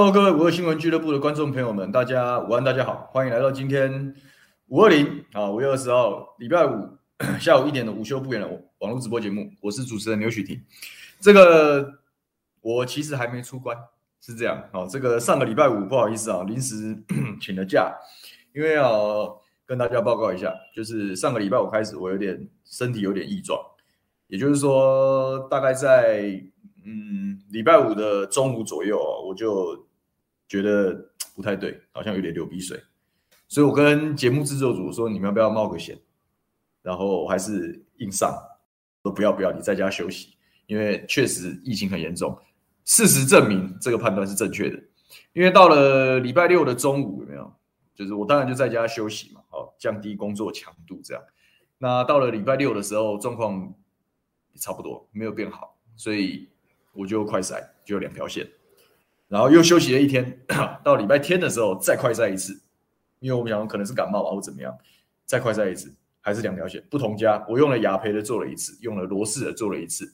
Hello，各位五二新聞聚樂部的觀眾朋友們，大家午安，大家好，歡迎來到今天五二零啊，五月二十號，禮拜五下午一點的午休不遠的網絡直播節目，我是主持人牛煦庭。這個我其實還沒出關，是這樣啊，這個上個禮拜五不好意思啊，臨時 請了假，因為要跟大家報告一下，就是上個禮拜五開始我有點身體有點異狀，也就是說大概在嗯禮拜五的中午左右啊，我就。覺得不太對，好像有點流鼻水，所以我跟節目製作組說：“你們要不要冒個險？”然後還是硬上，說：“不要不要，你在家休息。”因為確實疫情很嚴重。事實證明這個判斷是正確的，因為到了禮拜六的中午，有沒有？就是我當然就在家休息嘛，哦，降低工作強度這樣。那到了禮拜六的時候，狀況也差不多，沒有變好，所以我就快篩，就有兩條線。然後又休息了一天，到禮拜天的時候再快篩一次，因為我們想說可能是感冒啊或怎麼樣，再快篩一次還是兩條線不同家，我用了雅培的做了一次，用了羅氏的做了一次，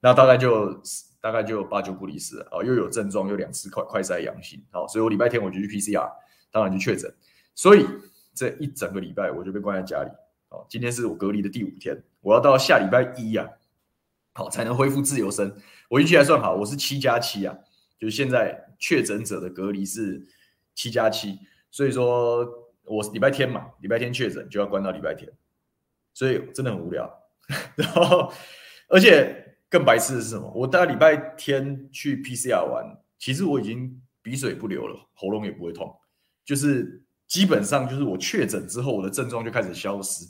那大概就大概就八九不離十啊、哦，又有症狀，又兩次快快篩陽性、哦，所以我禮拜天我就去 PCR，當然就確診，所以這一整個禮拜我就被關在家裡，啊、哦，今天是我隔離的第五天，我要到下禮拜一呀、啊，好、哦、才能恢復自由身，我運氣還算好，我是七加七啊。就是現在確診者的隔離是七加七，所以說我是禮拜天嘛，禮拜天確診就要關到禮拜天，所以真的很無聊。然後，而且更白痴的是什麼？我大禮拜天去 PCR 玩，其實我已經鼻水不流了，喉嚨也不會痛，就是基本上就是我確診之後，我的症狀就開始消失，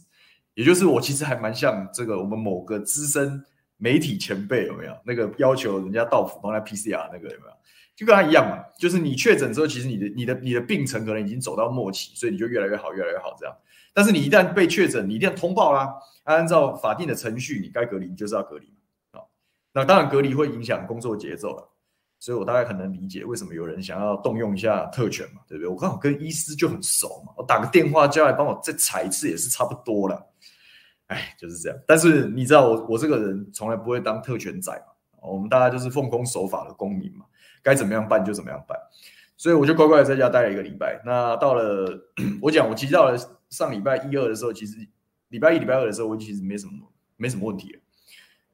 也就是我其實還蠻像這個我們某個資深。媒體前輩有沒有那個要求人家到府幫他 PCR 那個有沒有，就跟他一樣嘛？就是你確診之後，其實你的、你的、你的病程可能已經走到末期，所以你就越來越好、越來越好這樣。但是你一旦被確診，你一定要通報啦，按照法定的程序，你該隔離你就是要隔離嘛。好，那當然隔離會影響工作節奏了，所以我大概可能理解為什麼有人想要動用一下特權嘛，對不對？我剛好跟醫師就很熟嘛，我打個電話叫來幫我再採一次也是差不多了。哎，就是這樣。但是你知道我我這個人從來不會當特權仔嘛，我們大家就是奉公守法的公民嘛，該怎麼樣辦就怎麼樣辦。所以我就乖乖的在家待了一個禮拜。那到了我講我提到了上禮拜一、二的時候，其實禮拜一、禮拜二的時候，我其實沒什麼沒什麼問題。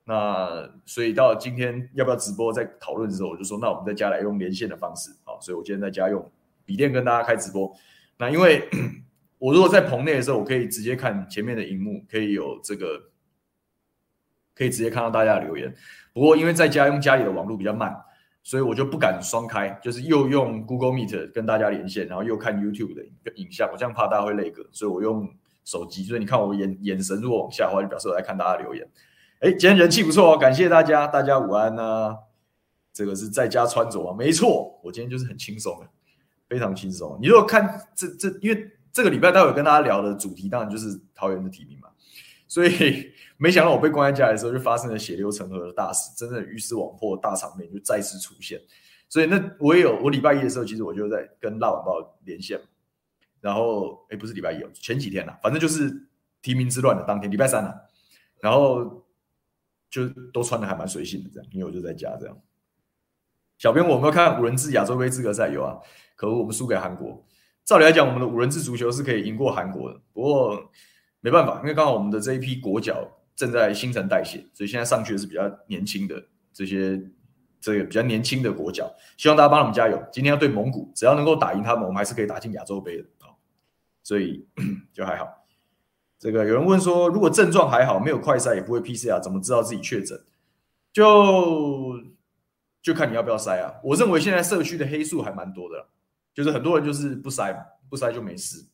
那所以到了今天要不要直播在討論的時候，我就說那我們在家來用連線的方式。好，所以我今天在家用筆電跟大家開直播。那因為。 我如果在棚內的時候，我可以直接看前面的螢幕，可以有這個，可以直接看到大家的留言。不過因為在家用家裡的網路比較慢，所以我就不敢雙開，就是又用 Google Meet 跟大家連線，然後又看 YouTube 的影像。我這樣怕大家會累格，所以我用手機。所以你看我眼眼神如果往下滑，就表示我在看大家的留言。哎、欸，今天人氣不錯哦，感謝大家，大家午安吶、啊。這個是在家穿着啊，沒錯，我今天就是很輕鬆的，非常輕鬆。你如果看這這，因為這個禮拜待會跟大家聊的主題當然就是桃園的提名嘛，所以沒想到我被關在家裡的時候，就發生了血流成河的大事，真的魚死網破大場面就再次出現。所以那我也有，我禮拜一的時候其實我就在跟辣晚報連線，然後哎、欸、不是禮拜一，前幾天啦、啊，反正就是提名之亂的當天，禮拜三啦、啊，然後就都穿的還蠻隨性的這樣，因為我就在家這樣。小編，啊、我們有看五人制亞洲杯資格賽有啊？可惡，我們輸給韓國。照理來講，我們的五人制足球是可以贏過韓國的。不過沒辦法，因為剛好我們的這一批國腳正在新陳代謝，所以現在上去的是比較年輕的這些，這個比較年輕的國腳。希望大家幫我們加油。今天要對蒙古，只要能夠打贏他們，我們還是可以打進亞洲盃的啊。所以 就還好。這個有人問說，如果症狀還好，沒有快篩也不會 PCR，怎麼知道自己確診？就就看你要不要篩啊。我認為現在社區的黑數還蠻多的。就是很多人就是不篩，不篩就沒事，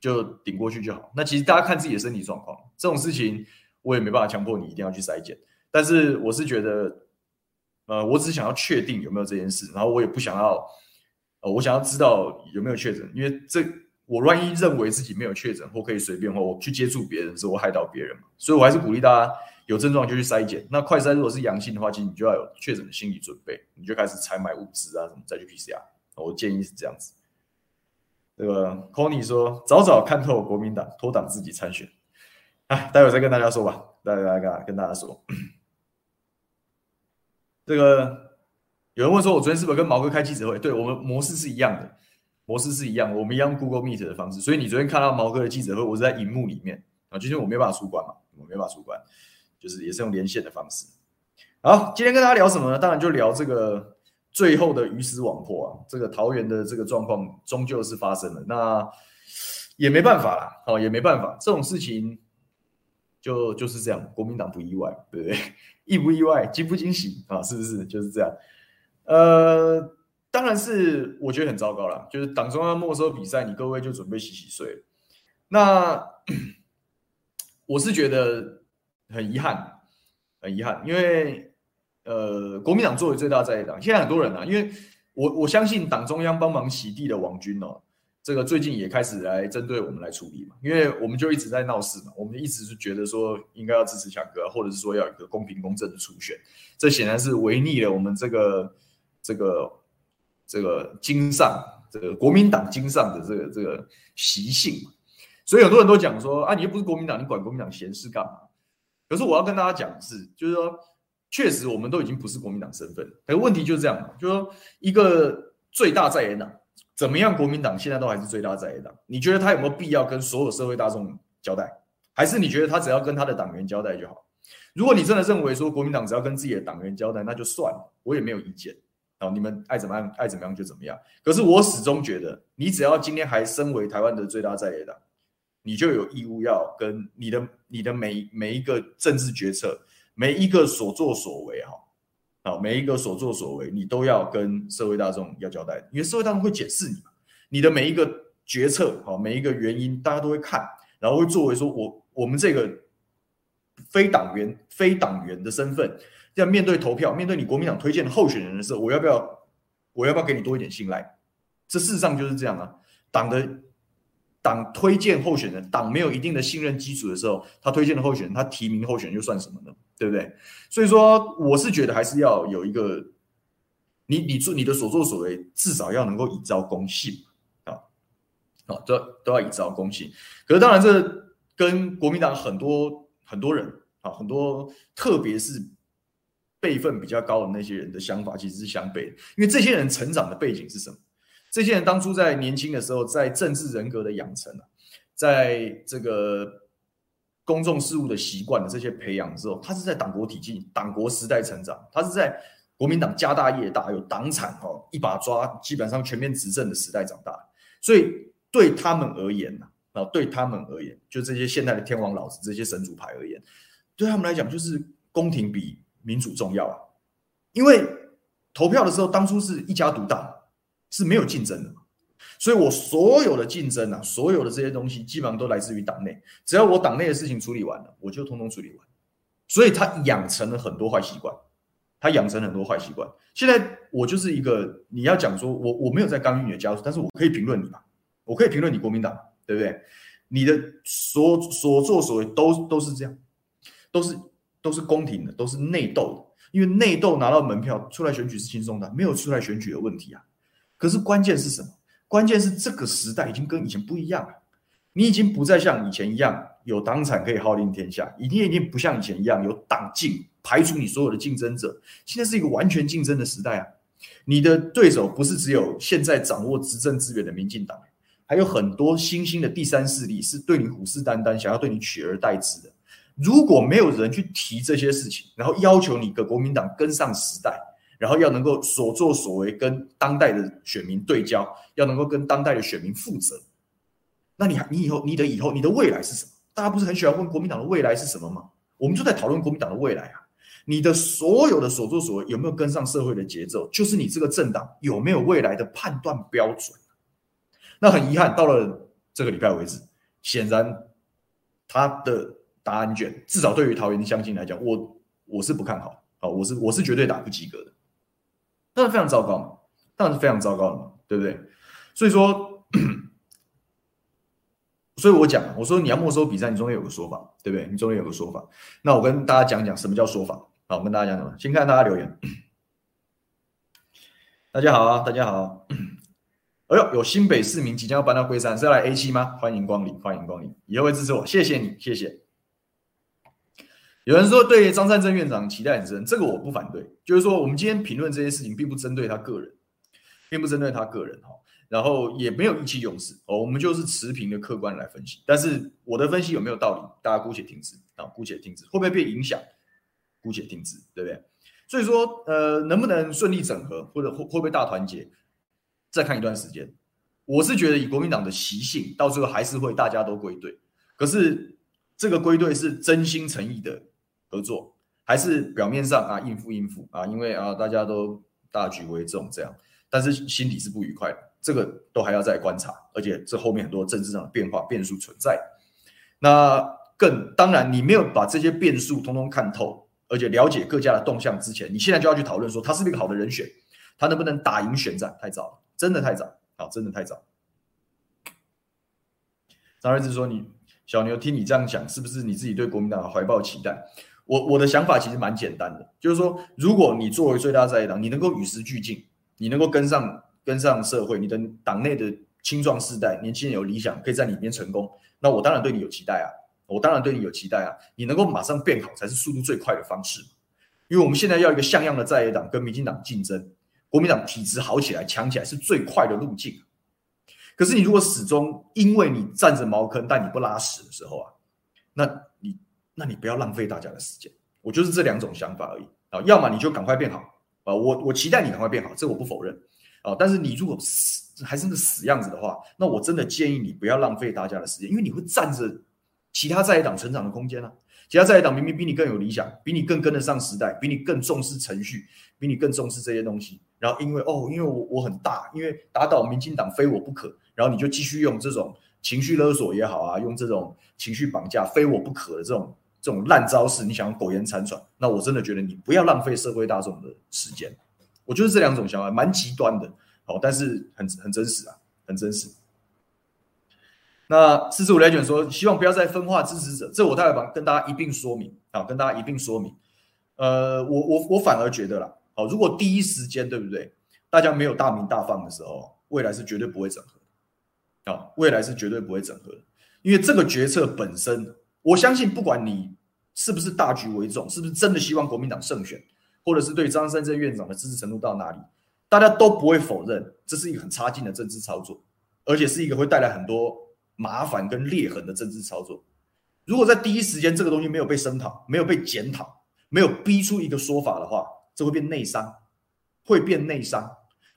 就頂過去就好。那其實大家看自己的身體狀況，這種事情我也沒辦法強迫你一定要去篩檢。但是我是覺得，呃，我只想要確定有沒有這件事，然後我也不想要，呃，我想要知道有沒有確診，因為這我萬一認為自己沒有確診或可以隨便或我去接觸別人之後，我害到別人嘛，所以我還是鼓勵大家有症狀就去篩檢。那快篩如果是陽性的話，其實你就要有確診的心理準備，你就開始採買物資啊什麼再去 PCR。我建議是這樣子。這個 Kony 說，早早看透國民黨，脫黨自己參選。哎，待會再跟大家說吧。待會再跟大家說。這個有人問說，我昨天是不是跟毛哥開記者會對？對，我們模式是一樣的，模式是一樣，我們一樣 Google Meet 的方式。所以你昨天看到毛哥的記者會，我是在熒幕裡面。啊，今天我沒辦法出關嘛，我沒辦法出關，就是也是用連線的方式。好，今天跟大家聊什麼呢？當然就聊這個。最後的魚死網破啊！這個桃園的這個狀況終究是發生了，那也沒辦法啦，哦，也沒辦法，這種事情就就是這樣，國民黨不意外，對不對？意不意外，驚不驚喜啊？是不是就是這樣？呃，當然是我覺得很糟糕了，就是黨中央沒收比賽，你各位就準備洗洗睡了。那我是覺得很遺憾，很遺憾，因為。呃，國民黨作為最大在野黨，現在很多人啊，因為我我相信黨中央幫忙洗地的王軍哦、喔，這個最近也開始來針對我們來處理嘛，因為我們就一直在鬧事嘛，我們一直是覺得說應該要支持強哥，或者是說要一個公平公正的初選，這顯然是違逆了我們這個這個這個經上這個國民黨經上的這個這個習性嘛，所以很多人都講說啊，你又不是國民黨，你管國民黨閒事幹嘛？可是我要跟大家講的是，就是說。確實，我們都已經不是國民黨身份。可是問題就是這樣嘛，就是說一個最大在野黨怎麼樣？國民黨現在都還是最大在野黨，你覺得他有沒有必要跟所有社會大眾交代？還是你覺得他只要跟他的黨員交代就好？如果你真的認為說國民黨只要跟自己的黨員交代，那就算了，我也沒有意見。哦，你們愛怎麼樣，愛怎麼樣就怎麼樣。可是我始終覺得，你只要今天還身為台灣的最大在野黨，你就有義務要跟你的、你的每每一個政治決策。每一個所作所為，哈，啊，每一個所作所為，你都要跟社會大眾要交代，因為社會大眾會檢視你，你的每一個決策，哈，每一個原因，大家都會看，然後會作為說我我們這個非黨員、非黨員的身份，要面對投票，面對你國民黨推薦的候選人的時候，我要不要，我要不要給你多一點信賴？這事實上就是這樣啊。黨的黨推薦候選人，黨沒有一定的信任基礎的時候，他推薦的候選人，他提名候選人又算什麼呢？對不對？所以說，我是覺得還是要有一個你，你做你的所作所為，至少要能夠以昭公信啊，啊，都要都要以昭公信。可是當然，這跟國民黨很多很多人啊，很多特別是輩分比較高的那些人的想法其實是相悖的，因為這些人成長的背景是什麼？這些人當初在年輕的時候，在政治人格的養成啊，在這個。公眾事務的習慣的這些培養之後，他是在黨國體系、黨國時代成長，他是在國民黨家大業大有黨產哦一把抓，基本上全面執政的時代長大，所以對他們而言，啊，對他們而言，就這些現代的天王老子這些神主牌而言，對他們來講就是宮廷比民主重要啊，因為投票的時候當初是一家獨大，是沒有競爭的。所以我所有的競爭啊，所有的這些東西，基本上都來自於黨內。只要我黨內的事情處理完了，我就通通處理完。所以他養成了很多壞習慣，他養成很多壞習慣。現在我就是一個，你要講說我我沒有在干預你的家族，但是我可以評論你嘛？我可以評論你國民黨，對不對？你的所所作所為都都是這樣，都是都是宮廷的，都是內鬥的。因為內鬥拿到門票出來選舉是輕鬆的，沒有出來選舉的問題啊。可是關鍵是什麼？關鍵是這個時代已經跟以前不一樣了，你已經不再像以前一樣有黨產可以號令天下，一定也已經不像以前一樣有黨禁排除你所有的競爭者。現在是一個完全競爭的時代啊！你的對手不是只有現在掌握執政資源的民進黨，還有很多新興的第三勢力是對你虎視眈眈，想要對你取而代之的。如果沒有人去提這些事情，然後要求你跟國民黨跟上時代，然後要能夠所作所為跟當代的選民對焦，要能夠跟當代的選民負責。那你還你以後你的以後你的未來是什麼？大家不是很喜歡問國民黨的未來是什麼嗎？我們就在討論國民黨的未來啊。你的所有的所作所為有沒有跟上社會的節奏？就是你這個政黨有沒有未來的判斷標準啊？那很遺憾，到了這個禮拜為止，顯然他的答案卷至少對於桃園鄉親來講，我我是不看好，好，我是我是絕對打不及格的。那非常糟糕嘛，然是非常糟糕了嘛，對不對？所以說，所以我講，我說你要沒收比賽，你中間有個說法，對不對？你中間有個說法。那我跟大家講講什麼叫說法。好，我跟大家講什麼？先看大家留言。大家好啊，大家好、啊。哎呦，有新北市民即將要搬到龜山，是要來 A 七嗎？歡迎光臨，歡迎光臨。以後會支持我，謝謝你，謝謝。有人說對張善政院長期待很深，這個我不反對。就是說，我們今天評論這些事情，並不針對他個人，並不針對他個人哈。然後也沒有意氣用事哦，我們就是持平的客觀來分析。但是我的分析有沒有道理，大家姑且聽之啊，姑且聽之，會不會被影響？姑且聽之，對不對？所以說，呃，能不能順利整合，或者會會不會大團結？再看一段時間。我是覺得以國民黨的習性，到最後還是會大家都歸隊。可是這個歸隊是真心誠意的。合作還是表面上啊應付應付啊，因為啊大家都大局為重這樣，但是心底是不愉快的，這個都還要再觀察，而且這後面很多政治上的變化變數存在。那更當然，你沒有把這些變數通通看透，而且了解各家的動向之前，你現在就要去討論說他是不是一個好的人選，他能不能打贏選戰？太早了，真的太早，好，真的太早。張瑞志說：“你小牛，聽你這樣講，是不是你自己對國民黨懷抱期待？”我我的想法其實蠻簡單的，就是說，如果你作為最大在野黨，你能夠與時俱進，你能夠跟上跟上社會，你的黨內的青壯世代年輕人有理想，可以在裡面成功，那我當然對你有期待啊，我當然對你有期待啊，你能夠馬上變好才是速度最快的方式，因為我們現在要一個像樣的在野黨跟民進黨競爭，國民黨體質好起來強起來是最快的路徑，可是你如果始終因為你占着茅坑但你不拉屎的時候啊，那。那你不要浪費大家的時間，我就是這兩種想法而已啊。要麼你就趕快變好啊，我我期待你趕快變好，這我不否認啊。但是你如果還是那個死樣子的話，那我真的建議你不要浪費大家的時間，因為你會占着其他在野黨成長的空間啊。其他在野黨明明比你更有理想，比你更跟得上時代，比你更重視程序，比你更重視這些東西。然後因為哦，因為我我很大，因為打倒民進黨非我不可，然後你就繼續用這種情緒勒索也好啊，用這種情緒綁架非我不可的這種。這種爛招式，你想要苟延殘喘，那我真的覺得你不要浪費社會大眾的時間。我覺得這兩種想法，蠻極端的。好、哦，但是很很真實啊，很真實。那四十五雷卷說，希望不要再分化支持者，這我大概幫跟大家一併說明啊、哦，跟大家一併說明。呃，我我我反而覺得啦，好、哦，如果第一時間對不對？大家沒有大鳴大放的時候，未來是絕對不會整合的。好、哦，未來是絕對不會整合的，因為這個決策本身。我相信，不管你是不是大局為重，是不是真的希望國民黨勝選，或者是對張善政院長的支持程度到哪裡，大家都不會否認，這是一個很差勁的政治操作，而且是一個會帶來很多麻煩跟裂痕的政治操作。如果在第一時間這個東西沒有被聲討、沒有被檢討、沒有逼出一個說法的話，這會變內傷，會變內傷，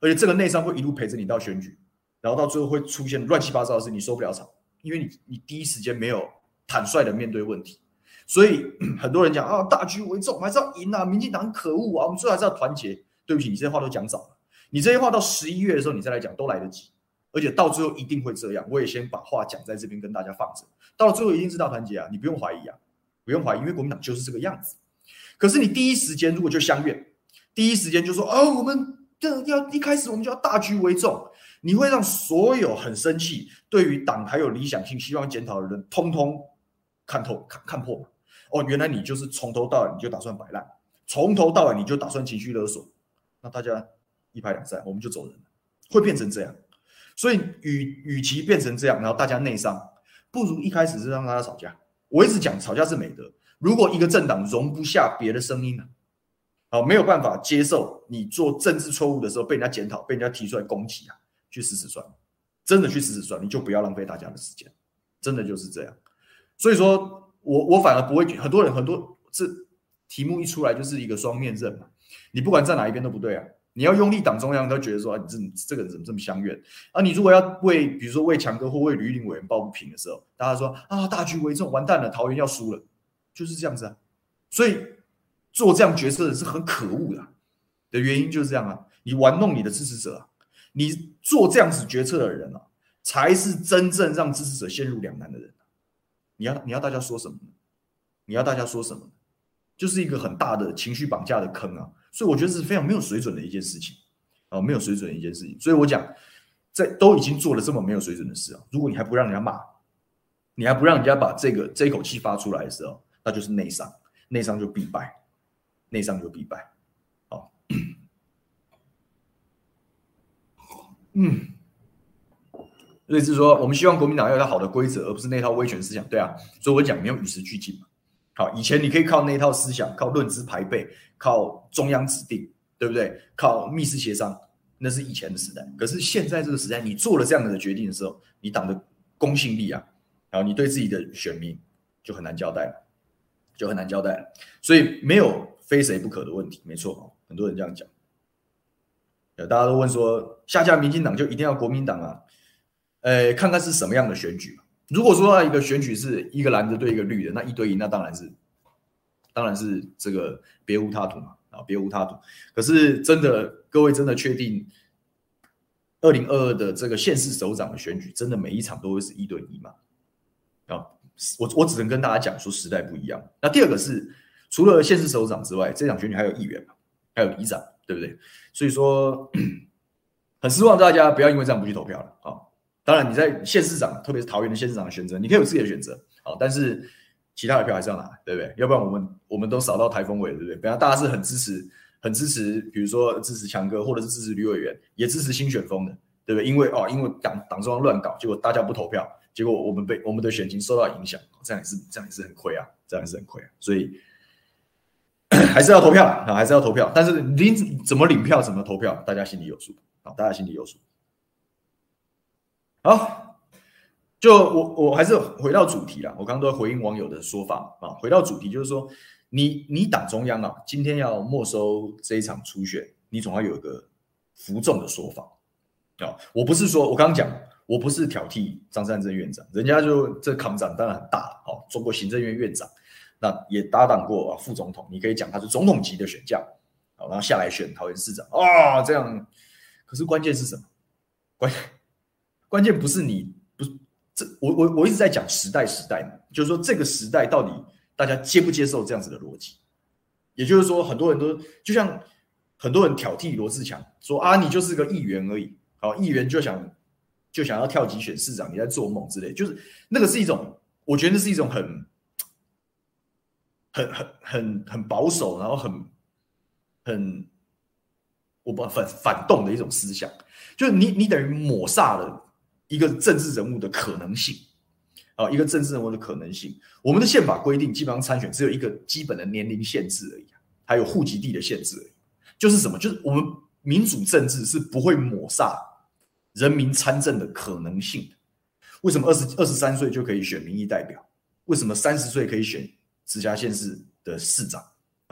而且這個內傷會一路陪着你到選舉，然後到最後會出現亂七八糟的事，你收不了場，因為你你第一時間沒有。坦率地面對問題，所以很多人講啊，大局為重，還是要贏啊。民進黨很可惡啊，我們最後還是要團結。對不起，你這些話都講早了。你這些話到十一月的時候，你再來講都來得及，而且到最後一定會這樣。我也先把話講在這邊跟大家放着，到了最後一定是大團結啊，你不用懷疑啊，不用懷疑，因為國民黨就是這個樣子。可是你第一時間如果就相約，第一時間就說哦，我們這要一開始我們就要大局為重，你會讓所有很生氣，對於黨還有理想性、希望檢討的人，通通。看透，看，看破。哦，原來你就是從頭到尾你就打算擺爛，從頭到尾你就打算情緒勒索，那大家一拍兩散，我們就走人了，會變成這樣。所以與與其變成這樣，然後大家內傷，不如一開始是讓大家吵架。我一直講吵架是美德。如果一個政黨容不下別的聲音呢、啊？好、哦，沒有辦法接受你做政治錯誤的時候被人家檢討，被人家提出來攻擊啊，去死死算，真的去死死算，你就不要浪費大家的時間，真的就是這樣。所以說我我反而不會覺得，很多人很多這題目一出來就是一個雙面刃嘛，你不管站哪一邊都不對啊！你要用力黨中央，都覺得說啊，你這這個人怎麼這麼鄉愿啊？你如果要為比如說為強哥或為呂林委員抱不平的時候，大家說啊，大局為重，完蛋了，桃園要輸了，就是這樣子啊！所以做這樣決策的是很可惡的、啊，的原因就是這樣啊！你玩弄你的支持者，你做這樣子決策的人啊，才是真正讓支持者陷入兩難的人、啊。你要你要大家說什麼？你要大家說什麼？就是一個很大的情緒綁架的坑啊！所以我覺得是非常沒有水準的一件事情啊，哦，沒有水準的一件事情。所以我講，在都已經做了這麼沒有水準的事啊，如果你還不讓人家罵，你還不讓人家把這個這一口氣發出來的時候，那就是內傷，內傷就必敗，內傷就必敗。好，哦， 嗯。所以是說，我們希望國民黨要有它的好的規則，而不是那套威權思想。對啊，所以我講沒有與時俱進嘛。好，以前你可以靠那一套思想，靠論資排輩，靠中央指定，對不對？靠密室協商，那是以前的時代。可是現在這個時代，你做了這樣的決定的時候，你黨的公信力啊，然後你對自己的選民就很難交代了，就很難交代。所以沒有非誰不可的問題，沒錯。很多人這樣講，大家都問說，下架民進黨就一定要國民黨啊？哎、呃，看看是什麼樣的選舉，如果說、啊、一個選舉是一個藍的對一個綠的，那一對一，那當然是，當然是這個別無他途嘛，啊，別無他途。可是真的，各位真的確定，二零二二的這個縣市首長的選舉，真的每一場都會是一對一嗎？啊，我我只能跟大家講說，時代不一樣。那第二個是，除了縣市首長之外，這場選舉還有議員，還有里長，對不對？所以說，很希望大家不要因為這樣不去投票了啊。哦當然，你在縣市長，特別是桃園的縣市長的選擇，你可以有自己的選擇，好，但是其他的票還是要拿，對不對？要不然我們我們都掃到颱風尾，對不對？本來大家是很支持，很支持，比如說支持強哥，或者是支持呂委員，也支持新選風的，對不對？因為哦，因為黨黨中央亂搞，結果大家不投票，結果我們被我們的選情受到影響，這樣也是這樣也是很虧啊，這樣也是很虧啊，所以還是要投票啊，還是要投票，但是你怎麼領票，怎麼投票，大家心裡有數，好，大家心裡有數。好，就我我還是回到主題啦。我剛剛都回應網友的說法啊，回到主題就是說，你你黨中央啊，今天要沒收這一場初選，你總要有一個服眾的說法啊。我不是說，我剛剛講，我不是挑剔張善政院長，人家就這扛長當然很大了哦，啊。中國行政院院長，那也搭檔過啊副總統，你可以講他是總統級的選將，然後下來選桃園市長啊，這樣。可是關鍵是什麼？關鍵。關鍵不是你，不是這，我我我一直在講時代時代就是說這個時代到底大家接不接受這樣子的邏輯？也就是說，很多人都就像很多人挑剔羅志強說啊，你就是個議員而已，好，議員就想就想要跳級選市長，你在做夢之類，就是那個是一種，我覺得那是一種很很很很很保守，然後很很我不反反動的一種思想，就是你你等於抹煞了。一個政治人物的可能性啊，一個政治人物的可能性。我們的憲法規定，基本上參選只有一個基本的年齡限制而已，還有戶籍地的限制而已。就是什麼？就是我們民主政治是不會抹殺人民參政的可能性的。為什麼二十二十三歲就可以選民意代表？為什麼三十歲可以選直轄縣市的市長？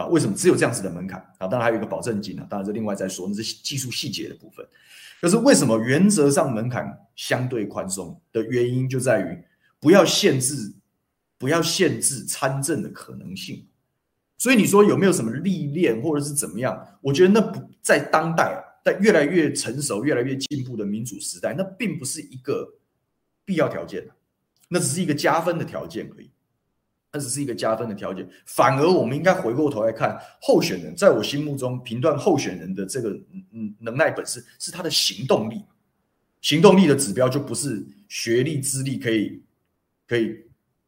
為什麼只有這樣子的門檻啊？當然還有一個保證金啊，當然是另外再說，那是技術細節的部分。可是為什麼原則上門檻相對寬鬆的原因，就在於不要限制，不要限制參政的可能性。所以你說有沒有什麼歷練或者是怎麼樣？我覺得那不在當代，在越來越成熟、越來越進步的民主時代，那並不是一個必要條件啊，那只是一個加分的條件而已。那只是一個加分的條件，反而我們應該回過頭來看候選人，在我心目中評斷候選人的這個嗯嗯能耐本事，是他的行動力，行動力的指標就不是學歷資歷可以可以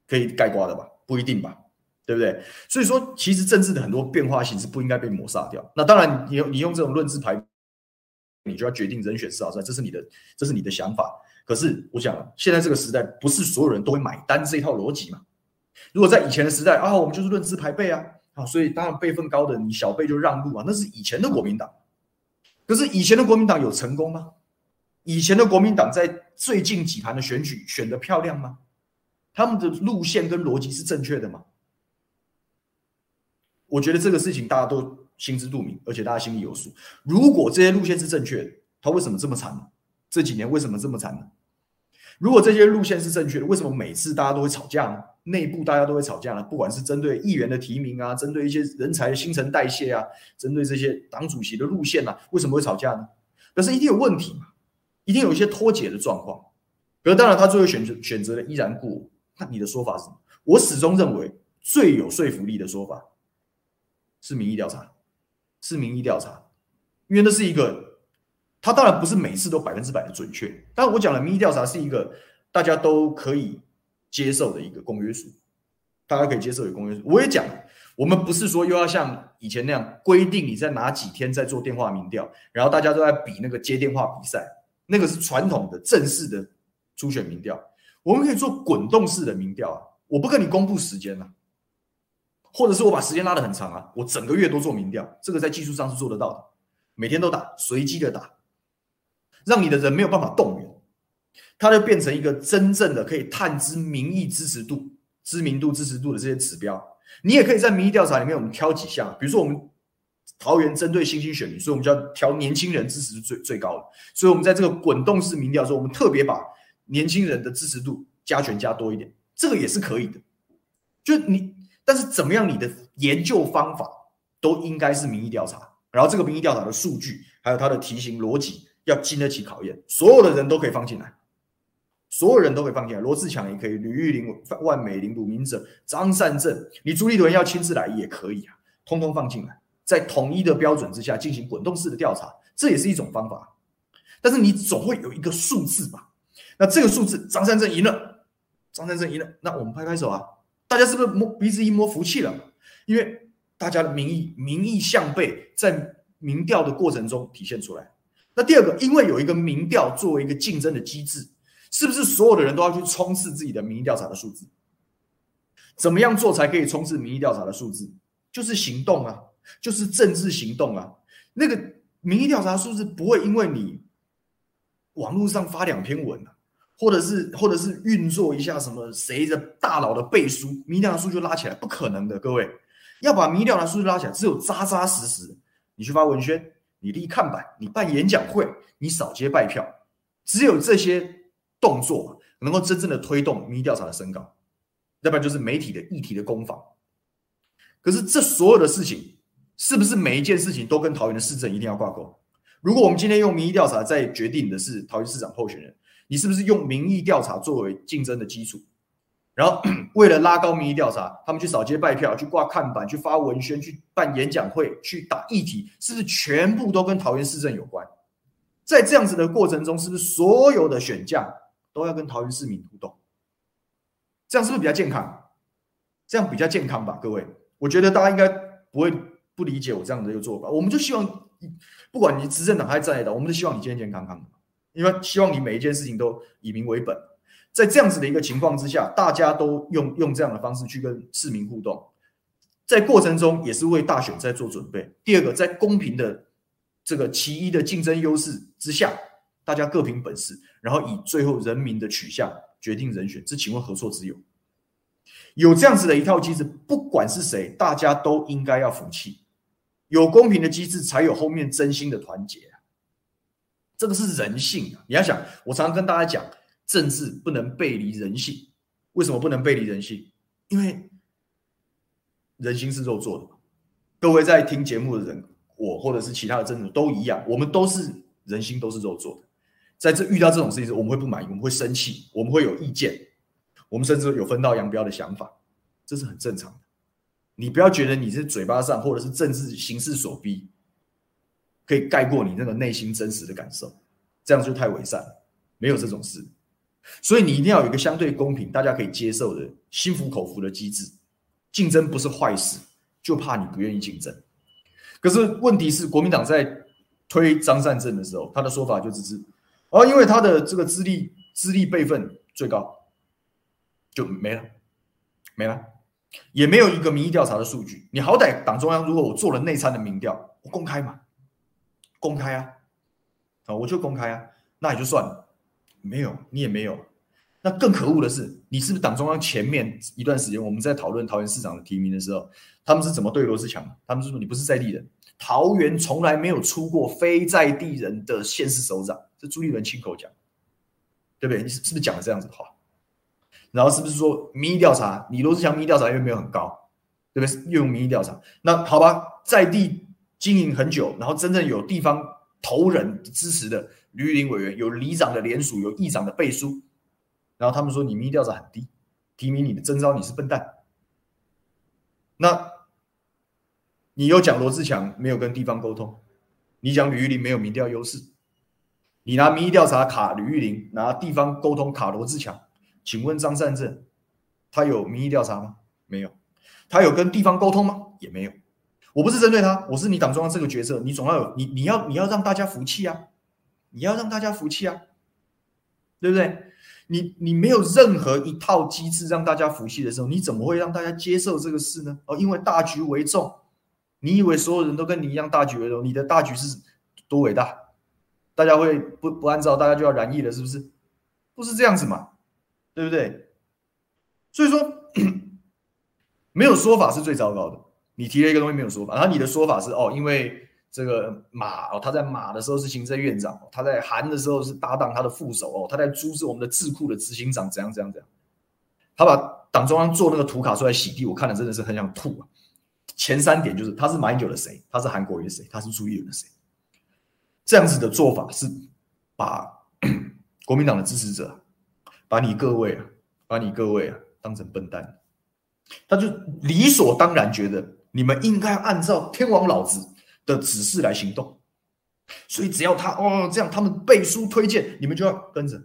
可以概括的吧？不一定吧？對不對？所以說，其實政治的很多變化形式不應該被抹殺掉。那當然，你你用這種論資排，你就要決定人選是好是壞，這是你的這是你的想法。可是，我想現在這個時代，不是所有人都會買單這一套邏輯嘛？如果在以前的時代啊，我們就是論資排輩啊，啊，所以當然輩分高的你小輩就讓路啊，那是以前的國民黨。可是以前的國民黨有成功嗎？以前的國民黨在最近幾盤的選舉選得漂亮嗎？他們的路線跟邏輯是正確的嗎？我覺得這個事情大家都心知肚明，而且大家心裡有數。如果這些路線是正確的，他為什麼這麼慘呢？這幾年為什麼這麼慘呢？如果這些路線是正確的，為什麼每次大家都會吵架呢？內部大家都會吵架了，不管是針對議員的提名啊，針對一些人才的新陳代謝啊，針對這些黨主席的路線啊，為什麼會吵架呢？可是一定有問題嘛，一定有一些脫節的狀況。可是當然他最後選擇選擇了依然故我。那你的說法是什麼？我始終認為最有說服力的說法是民意調查，是民意調查，因為那是一個，他當然不是每次都百分之百的準確。但我講的民意調查是一個大家都可以。接受的一個公約數，大家可以接受的公約數。我也講，我們不是說又要像以前那樣規定你在哪幾天在做電話民調，然後大家都在比那個接電話比賽，那個是傳統的、正式的初選民調。我們可以做滾動式的民調啊，我不跟你公布時間啊。或者是我把時間拉得很長啊，我整個月都做民調，這個在技術上是做得到的，每天都打，隨機的打，讓你的人沒有辦法動員。它就變成一個真正的可以探知民意支持度、知名度、支持度的這些指標。你也可以在民意調查裡面，我們挑幾項，比如說我們桃園針對新興選民，所以我們就要挑年輕人支持最最高的。所以我們在這個滾動式民調的時候，我們特別把年輕人的支持度加權加多一點，這個也是可以的。就你，但是怎麼樣，你的研究方法都應該是民意調查，然後這個民意調查的數據還有它的題型邏輯要經得起考驗，所有的人都可以放進來。所有人都可以放進來，羅志強也可以，呂玉玲、萬美玲、魯明哲、張善政，你朱立倫要親自來也可以啊，通通放進來，在統一的標準之下進行滾動式的調查，這也是一種方法。但是你總會有一個數字吧？那這個數字，張善政贏了，張善政贏了，那我們拍拍手啊，大家是不是摸鼻子一摸服氣了？因為大家的民意民意向背在民調的過程中體現出來。那第二個，因為有一個民調作為一個競爭的機制。是不是所有的人都要去衝刺自己的民意調查的數字？怎麼樣做才可以衝刺民意調查的數字？就是行動啊，就是政治行動啊。那個民意調查數字不會因為你網絡上發兩篇文啊，或者是或者是運作一下什麼誰的大佬的背書，民意調查數據拉起來，不可能的。各位要把民意調查數字拉起來，只有扎扎實實，你去發文宣，你立看板，你辦演講會，你掃街拜票，只有這些。動作、啊、能夠真正的推動民意調查的升高，要不然就是媒體的議題的攻防。可是這所有的事情，是不是每一件事情都跟桃園的市政一定要掛鈎？如果我們今天用民意調查在決定的是桃園市長候選人，你是不是用民意調查作為競爭的基礎？然後 為了拉高民意調查，他們去掃街拜票，去掛看板，去發文宣，去辦演講會，去打議題，是不是全部都跟桃園市政有關？在這樣子的過程中，是不是所有的選將？都要跟桃園市民互動，這樣是不是比較健康？這樣比較健康吧，各位，我覺得大家應該不會不理解我這樣的一個做法。我們就希望，不管你執政黨還在的，我們都希望你健健康康的。因為希望你每一件事情都以民為本。在這樣子的一個情況之下，大家都用用這樣的方式去跟市民互動，在過程中也是為大選在做準備。第二個，在公平的這個其一的競爭優勢之下，大家各憑本事。然後以最後人民的取向決定人選，這請問何錯之有？有這樣子的一套機制，不管是誰，大家都應該要服氣。有公平的機制，才有後面真心的團結啊！這個是人性啊，你要想，我常常跟大家講，政治不能背離人性。為什麼不能背離人性？因為人心是肉做的。各位在聽節目的人，我或者是其他的政治人都一樣，我們都是人心，都是肉做的。在這遇到這種事情我們會不滿意，我們會生氣，我們會有意見，我們甚至有分道揚鑣的想法，這是很正常的。你不要覺得你是嘴巴上或者是政治形勢所逼，可以蓋過你那個內心真實的感受，這樣就太偽善了，沒有這種事。所以你一定要有一個相對公平、大家可以接受的、心服口服的機制。競爭不是壞事，就怕你不願意競爭。可是問題是，國民黨在推張善政的時候，他的說法就只是。然後、哦，因為他的這個資歷、資歷輩分最高，就沒了，沒了，也沒有一個民意調查的數據。你好歹黨中央，如果我做了內參的民調，我公開嘛，公開啊，啊、哦，我就公開啊，那也就算了。沒有，你也沒有。那更可惡的是，你是不是黨中央？前面一段時間我們在討論桃園市長的提名的時候，他們是怎麼對羅智強？他們說是是你不是在地人，桃園從來沒有出過非在地人的縣市首長。朱立倫親口講，對不對？你是不是講了這樣子的話？然後是不是說民意調查？你羅智強民意調查又沒有很高，對不對？又用民意調查？那好吧，在地經營很久，然後真正有地方頭人支持的呂玉玲委員，有里長的聯署，有議長的背書，然後他們說你民意調查很低，提名你的徵召你是笨蛋。那你又講羅智強沒有跟地方溝通，你講呂玉玲沒有民調優勢。你拿民意調查卡呂玉玲，拿地方溝通卡羅智強。請問張善政，他有民意調查嗎？沒有，他有跟地方溝通嗎？也沒有。我不是針對他，我是你黨中央這個角色，你總要有你，你要你要讓大家服氣啊，你要讓大家服氣啊，對不對？你你沒有任何一套機制讓大家服氣的時候，你怎麼會讓大家接受這個事呢？哦，因為大局為重，你以為所有人都跟你一樣大局為重？你的大局是多偉大？大家會不不按照，大家就要染疫了，是不是？不是這樣子嘛，對不對？所以說沒有說法是最糟糕的。你提了一個東西沒有說法，然後你的說法是哦，因為這個馬哦，他在馬的時候是行政院長哦，他在韓的時候是搭檔他的副手哦，他在朱是我們的智庫的執行長，怎樣怎樣怎樣。他把黨中央做那個圖卡出來洗地，我看了真的是很想吐啊。前三點就是他是馬英九的誰，他是韓國瑜的誰，他是朱立倫的誰。這樣子的做法是把國民黨的支持者，把你各位啊，把你各位啊當成笨蛋，他就理所當然覺得你們應該按照天王老子的指示來行動，所以只要他哦這樣，他們背書推薦，你們就要跟着。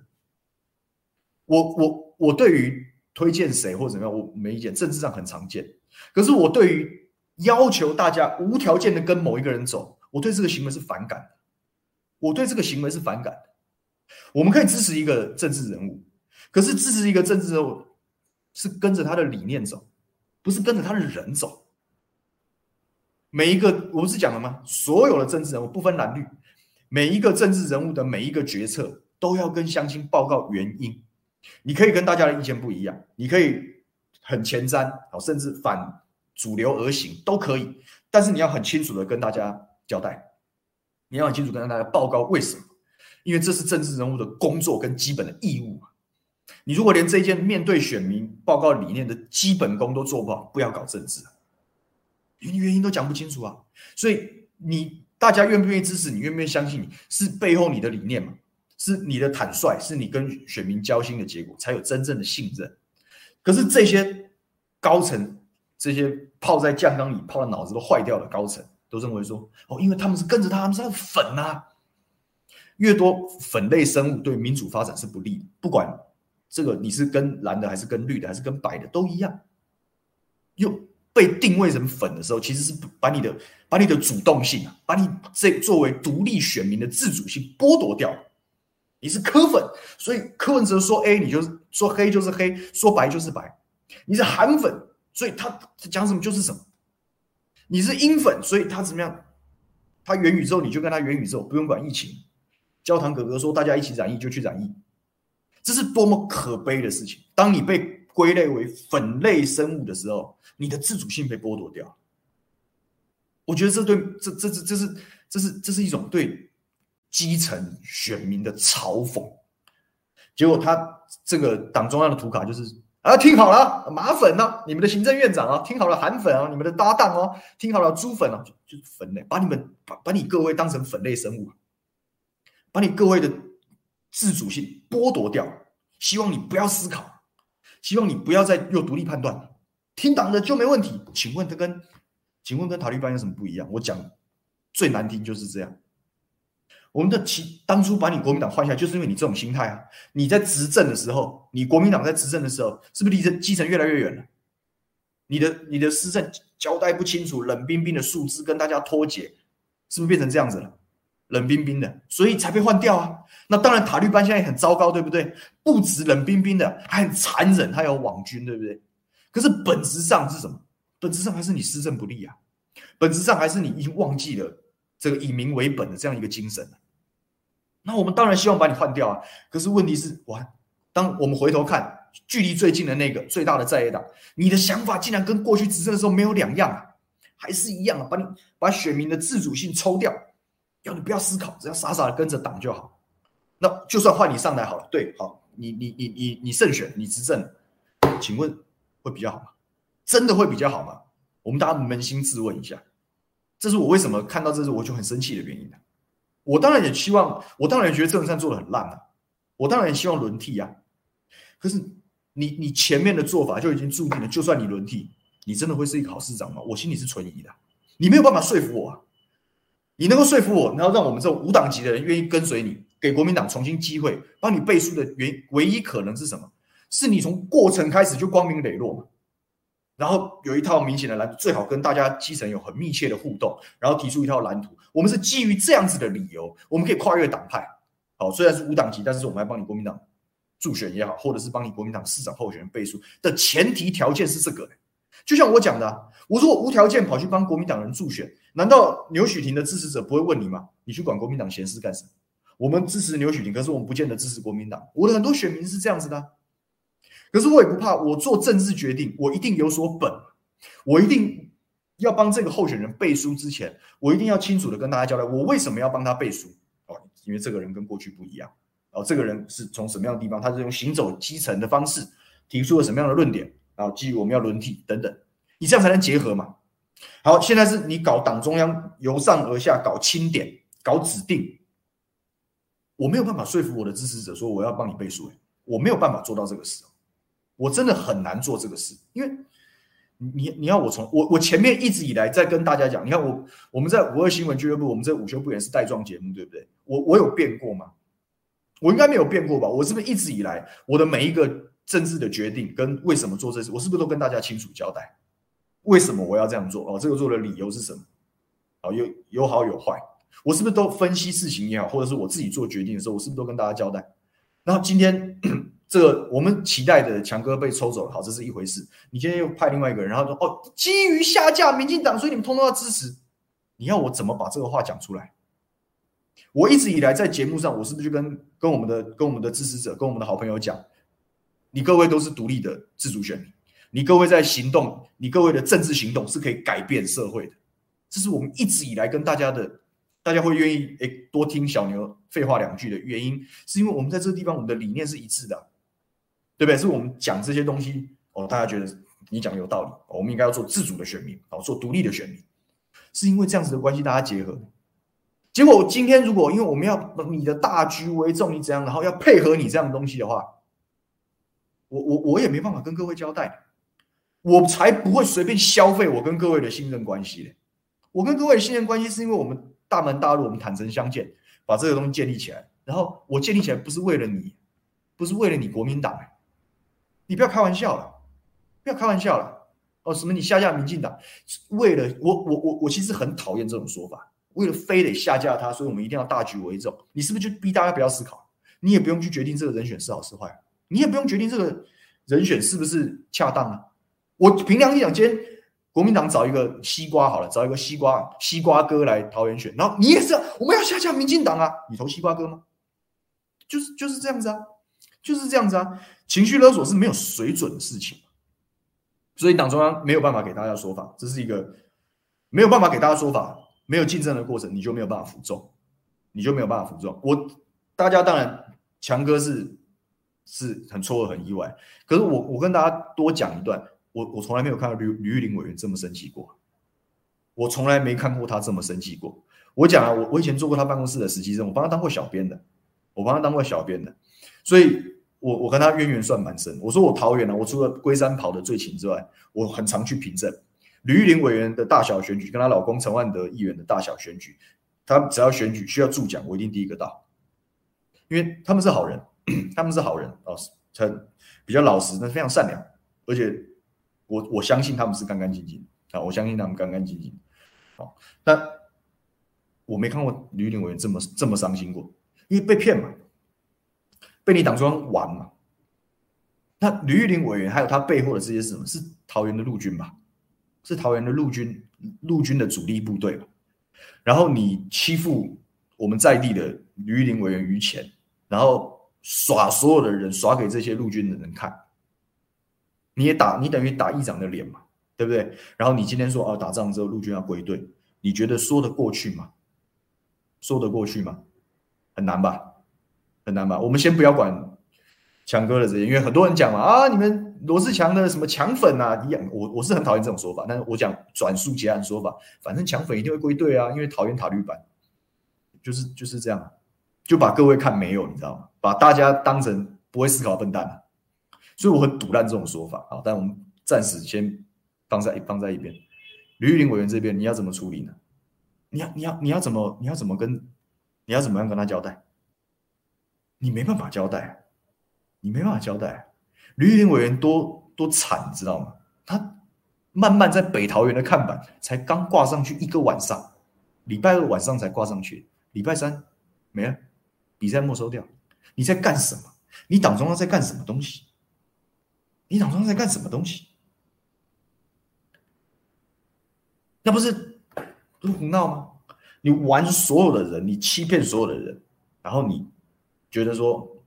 我我我對於推薦誰或者怎麼樣，我沒意見，政治上很常見。可是我對於要求大家無條件的跟某一個人走，我對這個行為是反感。我對這個行為是反感的。我們可以支持一個政治人物，可是支持一個政治人物是跟着他的理念走，不是跟着他的人走。每一個我不是講了嗎？所有的政治人物不分藍綠，每一個政治人物的每一個決策都要跟鄉親報告原因。你可以跟大家的意見不一樣，你可以很前瞻，甚至反主流而行都可以，但是你要很清楚的跟大家交代。你要很清楚跟大家報告為什麼，因為這是政治人物的工作跟基本的義務。你如果連這一件面對選民報告理念的基本功都做不好，不要搞政治，原因都講不清楚啊！所以你大家願不願意支持你，願不願意相信你，是背後你的理念嘛？是你的坦率，是你跟選民交心的結果，才有真正的信任。可是這些高層，這些泡在醬缸裡泡的腦子都壞掉的高層。都認為說哦，因為他們是跟着他，他們是他粉吶、啊。越多粉類生物對民主發展是不利的。不管這個你是跟藍的，還是跟綠的，還是跟白的，都一樣。又被定位成粉的時候，其實是把你的、把你的主動性啊，把你這作為獨立選民的自主性剝奪掉。你是柯粉，所以柯文哲說：“哎、欸，你就是說黑就是黑，說白就是白。”你是韓粉，所以他講什麼就是什麼。你是英粉，所以他怎麼樣？他元宇宙，你就跟他元宇宙，不用管疫情。焦糖哥哥說：“大家一起染疫就去染疫。”這是多麼可悲的事情！當你被歸類為粉類生物的時候，你的自主性被剝奪掉。我覺得這對這這這這是這是這是一種對基層選民的嘲諷。結果他這個黨中央的圖卡就是。啊，聽好了，馬粉呢、啊？你們的行政院長啊，聽好了，韓粉啊，你們的搭檔哦、啊，聽好了，豬粉啊，就就粉類，把你們把把你各位當成粉類生物，把你各位的自主性剝奪掉，希望你不要思考，希望你不要再有獨立判斷，聽黨的就沒問題。請問他跟請問跟塔利班有什麼不一樣？我講最難聽就是這樣。我們的其，當初把你國民黨換下來，就是因為你這種心態啊！你在執政的時候，你國民黨在執政的時候，是不是離這基層越來越遠了？你的你的施政交代不清楚，冷冰冰的數字跟大家脫節，是不是變成這樣子了？冷冰冰的，所以才被換掉啊！那當然，塔利班現在很糟糕，對不對？不止冷冰冰的，還很殘忍，還有網軍，對不對？可是本質上是什麼？本質上還是你施政不力啊！本質上還是你已經忘記了。這個以民為本的這樣一個精神，啊，那我們當然希望把你換掉啊。可是問題是，我，當我們回頭看，距離最近的那個最大的在野黨，你的想法竟然跟過去執政的時候沒有兩樣，啊，還是一樣啊，把你把選民的自主性抽掉，要你不要思考，只要傻傻的跟着黨就好。那就算換你上來好了，對，好，你你你你你勝選，你執政，請問會比較好嗎？真的會比較好嗎？我們大家捫心自問一下。這是我為什麼看到這事我就很生氣的原因呢、啊？我當然也希望，我當然也覺得鄭文燦做的很爛啊，我當然也希望輪替呀、啊。可是你你前面的做法就已經注定了，就算你輪替，你真的會是一個好市長嗎？我心裡是存疑的。你沒有辦法說服我，啊。你能夠說服我，然後讓我們這種無黨籍的人願意跟隨你，給國民黨重新機會，幫你背書的原唯一可能是什麼？是你從過程開始就光明磊落嘛。然後有一套明顯的藍圖，最好跟大家基層有很密切的互動，然後提出一套藍圖。我們是基於這樣子的理由，我們可以跨越黨派。好，雖然是無黨籍，但是我們來幫你國民黨助選也好，或者是幫你國民黨市長候選人背書的前提條件是這個、欸。就像我講的、啊，我說我無條件跑去幫國民黨人助選，難道牛煦庭的支持者不會問你嗎？你去管國民黨閒事幹什麼？我們支持牛煦庭，可是我們不見得支持國民黨。我的很多選民是這樣子的、啊。可是我也不怕，我做政治決定，我一定有所本，我一定要幫這個候選人背書之前，我一定要清楚的跟大家交代，我為什麼要幫他背書哦，因為這個人跟過去不一樣哦，這個人是從什麼樣的地方，他是用行走基層的方式提出了什麼樣的論點，然後基於我們要輪替等等，你這樣才能結合嘛。好，現在是你搞黨中央由上而下搞欽點、搞指定，我沒有辦法說服我的支持者說我要幫你背書、欸，我沒有辦法做到這個事。我真的很難做這個事，因為你你要我從我我前面一直以來在跟大家講，你看我我們在五二新聞聚樂部，我們在午休不也是帶狀節目對不對？我我有變過嗎？我應該沒有變過吧？我是不是一直以來我的每一個政治的決定跟為什麼做這事，我是不是都跟大家清楚交代？為什麼我要這樣做？哦，這個做的理由是什麼？哦，有有好有壞，我是不是都分析事情也好，或者是我自己做決定的時候，我是不是都跟大家交代？然後今天。 這個我們期待的強哥被抽走好，這是一回事。你今天又派另外一個人，然後說哦，基於下架民進黨，所以你們通通要支持。你要我怎麼把這個話講出來？我一直以來在節目上，我是不是就跟跟我們的跟我們的支持者，跟我們的好朋友講，你各位都是獨立的自主選民，你各位在行動，你各位的政治行動是可以改變社會的。這是我們一直以來跟大家的，大家會願意哎多聽小牛廢話兩句的原因，是因為我們在這個地方，我們的理念是一致的。對不對？是我們講這些東西哦，大家覺得你講有道理，哦，我們應該要做自主的選民哦，做獨立的選民，是因為這樣子的關係，大家結合。結果我今天如果因為我們要你的大局為重，你怎樣，然後要配合你這樣的東西的話，我我我也沒辦法跟各位交代，我才不會隨便消費我跟各位的信任關係呢。我跟各位的信任關係是因為我們大門大路，我們坦誠相見，把這個東西建立起來。然後我建立起來不是為了你，不是為了你國民黨，欸。你不要開玩笑了，不要開玩笑了哦！什麼？你下架民進黨？為了我，我，我，我其實很討厭這種說法。為了非得下架他，所以我們一定要大局為重。你是不是就逼大家不要思考？你也不用去決定這個人選是好是壞，你也不用決定這個人選是不是恰當啊？我憑良心講，今天國民黨找一個西瓜好了，找一個西瓜西瓜哥來桃園選，然後你也是，我們要下架民進黨啊？你投西瓜哥嗎？就是就是這樣子啊。就是這樣子啊，情緒勒索是沒有水準的事情，所以黨中央沒有辦法給大家說法，這是一個沒有辦法給大家說法，沒有競爭的過程，你就沒有辦法服眾，你就沒有辦法服眾。我大家當然強哥是是很錯愕、很意外，可是我我跟大家多講一段，我我從來沒有看到呂呂玉玲委員這麼生氣過，我從來沒看過他這麼生氣過。我講啊，我我以前做過他辦公室的實習生，我幫他當過小編的，我幫他當過小編的。所以，我我跟他淵源算蠻深。我說我桃園啊，我除了龜山跑的最勤之外，我很常去平鎮。呂玉玲委員的大小選舉，跟她老公陳萬德議員的大小選舉，他只要選舉需要助講，我一定第一個到，因為他們是好人，他們是好人哦，陳比較老實，但是非常善良，而且我我相信他們是乾乾淨淨啊，我相信他們乾乾淨淨。好，那我沒看過呂玉玲委員這麼這麼傷心過，因為被騙嘛。被你擋住玩嘛？那呂玉玲委員還有他背後的這些是什麼？是桃園的陸軍吧？是桃園的陸軍，陸軍的主力部隊吧？然後你欺負我們在地的呂玉玲委員於前，然後耍所有的人耍給這些陸軍的人看，你也打你等於打議長的臉嘛，對不對？然後你今天說啊打仗之後陸軍要歸隊，你覺得說得過去嗎？說得過去嗎？很難吧？很難吧？我們先不要管強哥的這些，因為很多人講嘛啊，你們羅智強的什麼強粉啊一樣，我我是很討厭這種說法。但是我講轉述結案說法，反正強粉一定會歸隊啊，因為討厭塔綠班。就是就是這樣，就把各位看沒有，你知道嗎？把大家當成不會思考的笨蛋，所以我很堵爛這種說法啊。但我們暫時先放在放在一邊。呂玉玲委員這邊，你要怎麼處理呢？你要你要你要怎麼你要怎麼跟你要怎麼樣跟他交代？你沒辦法交代，你沒辦法交代，呂玉玲委員多多慘，你知道嗎？他慢慢在北桃園的看板才剛掛上去一個晚上，禮拜二晚上才掛上去，禮拜三沒了，比賽沒收掉。你在幹什麼？你黨中央在幹什麼東西？你黨中央在幹什麼東西？那不是胡鬧嗎？你玩所有的人，你欺騙所有的人，然後你。覺得說，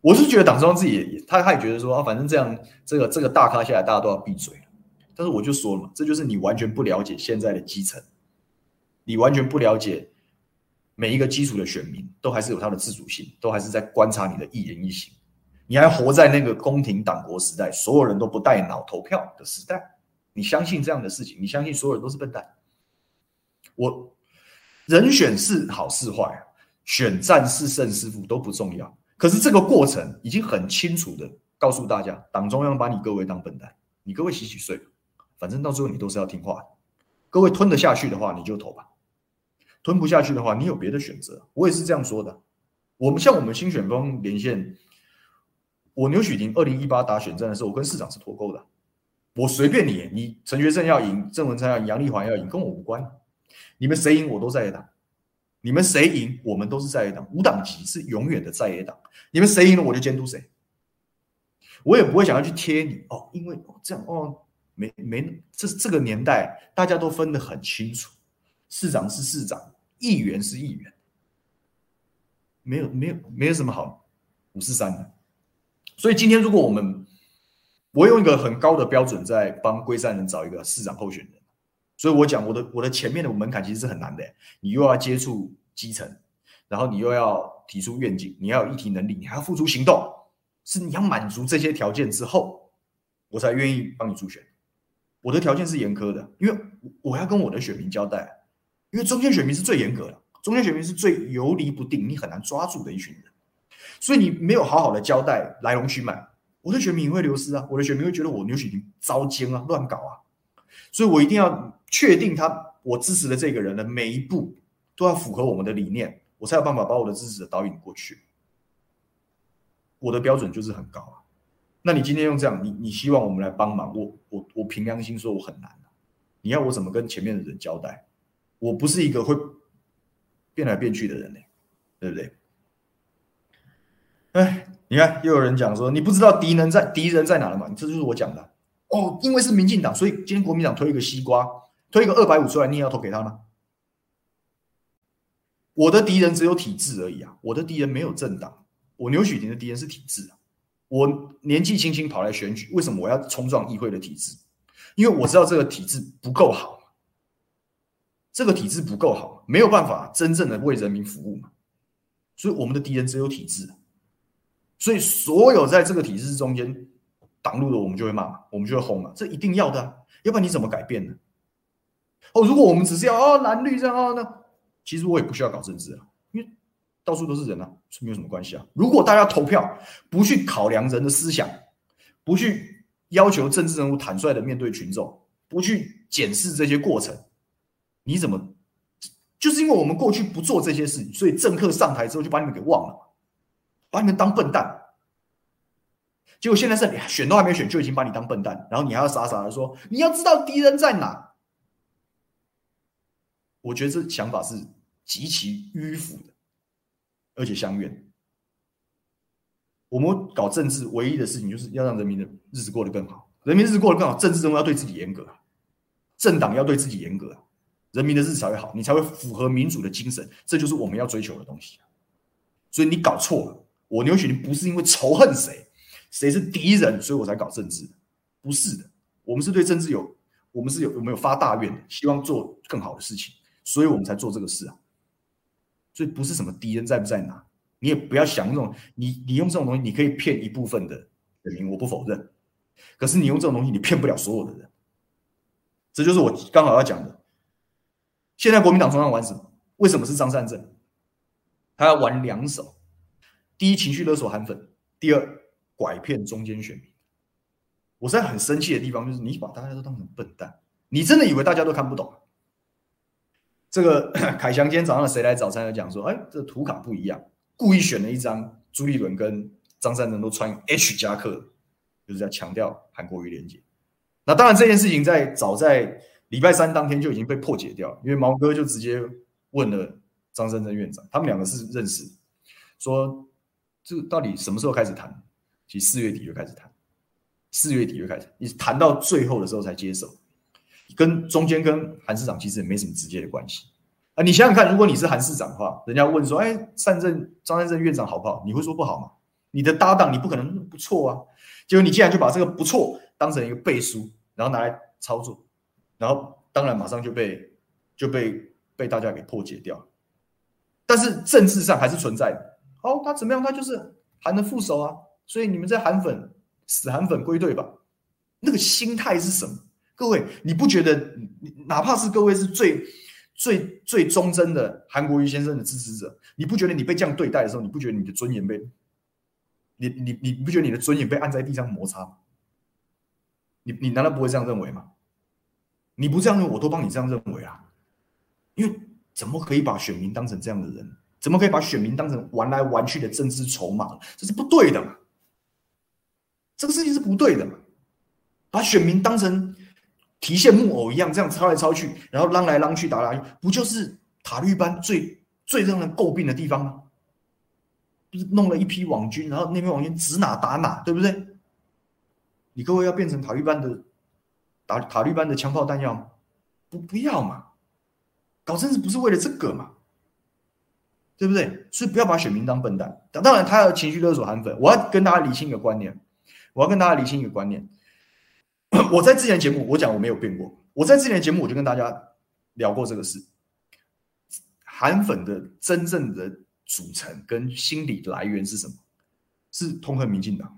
我是覺得黨中央自己也，他也覺得說啊，反正這樣，這個這個大咖下來，大家都要閉嘴了。但是我就說了嘛，這就是你完全不了解現在的基層，你完全不了解每一個基礎的選民都還是有他的自主性，都還是在觀察你的一言一行。你還活在那個宮廷黨國時代，所有人都不帶腦投票的時代。你相信這樣的事情？你相信所有人都是笨蛋我？我人選是好是壞啊？選戰是勝是負都不重要，可是這個過程已經很清楚的告訴大家，黨中央把你各位當笨蛋，你各位洗洗睡吧，反正到最後你都是要聽話的。各位吞得下去的話，你就投吧；吞不下去的話，你有別的選擇。我也是這樣說的。我們像我們新選風連線，我牛煦庭二零一八打選戰的時候，我跟市長是脫鈎的，我隨便你，你陳學聖要贏，鄭文燦要贏，楊麗環要贏，跟我無關。你們誰贏我都在打。你們誰贏，我們都是在野黨。無黨籍是永遠的在野黨。你們誰贏了，我就監督誰。我也不會想要去貼你哦，因為哦這樣哦，沒沒，這這個年代大家都分得很清楚，市長是市長，議員是議員，沒有沒有沒有什麼好五四三的。所以今天如果我們我用一個很高的標準在幫龜山人找一個市長候選人。所以，我講我的我的前面的門檻其實是很難的。你又要接觸基層，然後你又要提出願景，你要有議題能力，你還要付出行動。是你要滿足這些條件之後，我才願意幫你助選。我的條件是嚴苛的，因為我要跟我的選民交代。因為中間選民是最嚴格的，中間選民是最游離不定，你很難抓住的一群人。所以你沒有好好的交代來龍去脈，我的選民也會流失啊，我的選民會覺得我牛煦庭糟踐啊，亂搞啊。所以我一定要。確定他我支持的這個人的每一步都要符合我們的理念，我才有辦法把我的支持者導引過去。我的標準就是很高啊。那你今天用這樣，你你希望我們來幫忙，我我我憑良心說我很難啊。你看我怎麼跟前面的人交代？我不是一個會變來變去的人呢，欸，對不對？哎，你看又有人講說你不知道敵人在敵人在哪了嘛？這就是我講的哦，因為是民進黨，所以今天國民黨推一個西瓜，推個二百五出來，你也要投給他嗎？我的敵人只有體制而已啊！我的敵人沒有政黨，我牛煦庭的敵人是體制啊！我年紀輕輕跑來選舉，為什麼我要衝撞議會的體制？因為我知道這個體制不夠好，這個體制不夠好，沒有辦法真正的為人民服務嘛！所以我們的敵人只有體制啊，所以所有在這個體制中間擋路的我，我們就會罵，我們就會轟啊！這一定要的啊，要不然你怎麼改變呢？哦，如果我們只是要哦藍綠這樣哦呢，其實我也不需要搞政治啊，因為到處都是人啊，沒有什麼關係啊。如果大家投票不去考量人的思想，不去要求政治人物坦率的面對群眾，不去檢視這些過程，你怎麼？就是因為我們過去不做這些事情，所以政客上台之後就把你們給忘了，把你們當笨蛋。結果現在是你選都還沒選，就已經把你當笨蛋，然後你還要傻傻的說你要知道敵人在哪。我覺得這想法是極其迂腐的，而且相怨。我們搞政治唯一的事情，就是要讓人民的日子過得更好。人民日子過得更好，政治中要對自己嚴格，政黨要對自己嚴格，人民的日子才會好，你才會符合民主的精神。這就是我們要追求的東西。所以你搞錯了，我牛煦庭不是因為仇恨誰，誰是敵人，所以我才搞政治，不是的。我們是對政治有，我們是有有沒有發大願，希望做更好的事情。所以我們才做這個事啊，所以不是什麼敵人在不在哪，你也不要想那種你，你你用這種東西，你可以騙一部分的人，我不否認，可是你用這種東西，你騙不了所有的人，這就是我剛好要講的。現在國民黨中央玩什麼？為什麼是張善政？他要玩兩手：第一，情緒勒索韓粉；第二，拐騙中間選民。我在很生氣的地方就是，你把大家都當成笨蛋，你真的以為大家都看不懂，啊？這個凱翔今天早上的誰來早餐又講說，哎，這圖卡不一樣，故意選了一張朱立倫跟張善政都穿 H 夾克，就是在強調韓國瑜連結。那當然這件事情在早在禮拜三當天就已經被破解掉，因為毛哥就直接問了張善政院長，他們兩個是認識，說這到底什麼時候開始談？其實四月底就開始談，四月底就開始，你談到最後的時候才接受。跟中間跟韓市長其實也沒什麼直接的關係啊！你想想看，如果你是韓市長的話，人家問說哎：“哎，善政張善政院長好不好？”你會說不好嗎？你的搭檔，你不可能不錯啊！結果你竟然就把這個不錯當成一個背書，然後拿來操作，然後當然馬上就被就被被大家給破解掉。但是政治上還是存在的。哦，他怎麼樣？他就是韓的副手啊！所以你們這韓粉死韓粉歸隊吧！那個心態是什麼？各位，你不覺得，哪怕是各位是最最最忠貞的韓國瑜先生的支持者，你不覺得你被這樣對待的時候，你不覺得你的尊嚴被你你你不覺得你的尊嚴被按在地上摩擦嗎？你你難道不會這樣認為嗎？你不這樣認為，我都幫你這樣認為啊！因為怎麼可以把選民當成這樣的人？怎麼可以把選民當成玩來玩去的政治籌碼？這是不對的嘛？這個事情是不對的嘛？把選民當成……提線木偶一樣，這樣抄來抄去，然後嚷來嚷去，去，打來打，不就是塔綠班最最讓人詬病的地方嗎？不是弄了一批網軍，然後那邊網軍指哪打哪，對不對？你各位要變成塔綠班的打塔綠班的槍炮彈藥嗎？不不要嘛！搞政治不是為了這個嘛，對不對？所以不要把選民當笨蛋。當然，他要情緒勒索韓粉。我要跟大家理清一個觀念，我要跟大家理清一個觀念。我在之前的節目，我講我沒有變過。我在之前的節目，我就跟大家聊過這個事：韓粉的真正的組成跟心理來源是什麼？是痛恨民進黨。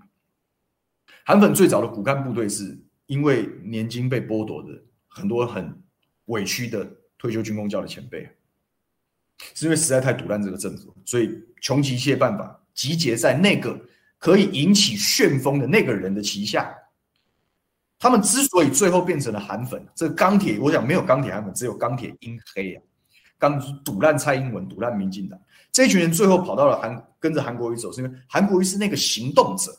韓粉最早的骨幹部隊，是因為年金被剝奪的很多很委屈的退休軍公教的前輩，是因為實在太毒爛這個政府，所以窮極一切辦法集結在那個可以引起旋風的那個人的旗下。他們之所以最後變成了韓粉，這個鋼鐵，我想沒有鋼鐵韓粉，只有鋼鐵陰黑啊！鋼鐵堵爛蔡英文，堵爛民進黨，這群人最後跑到了韓，跟着韓國瑜走，是因為韓國瑜是那個行動者，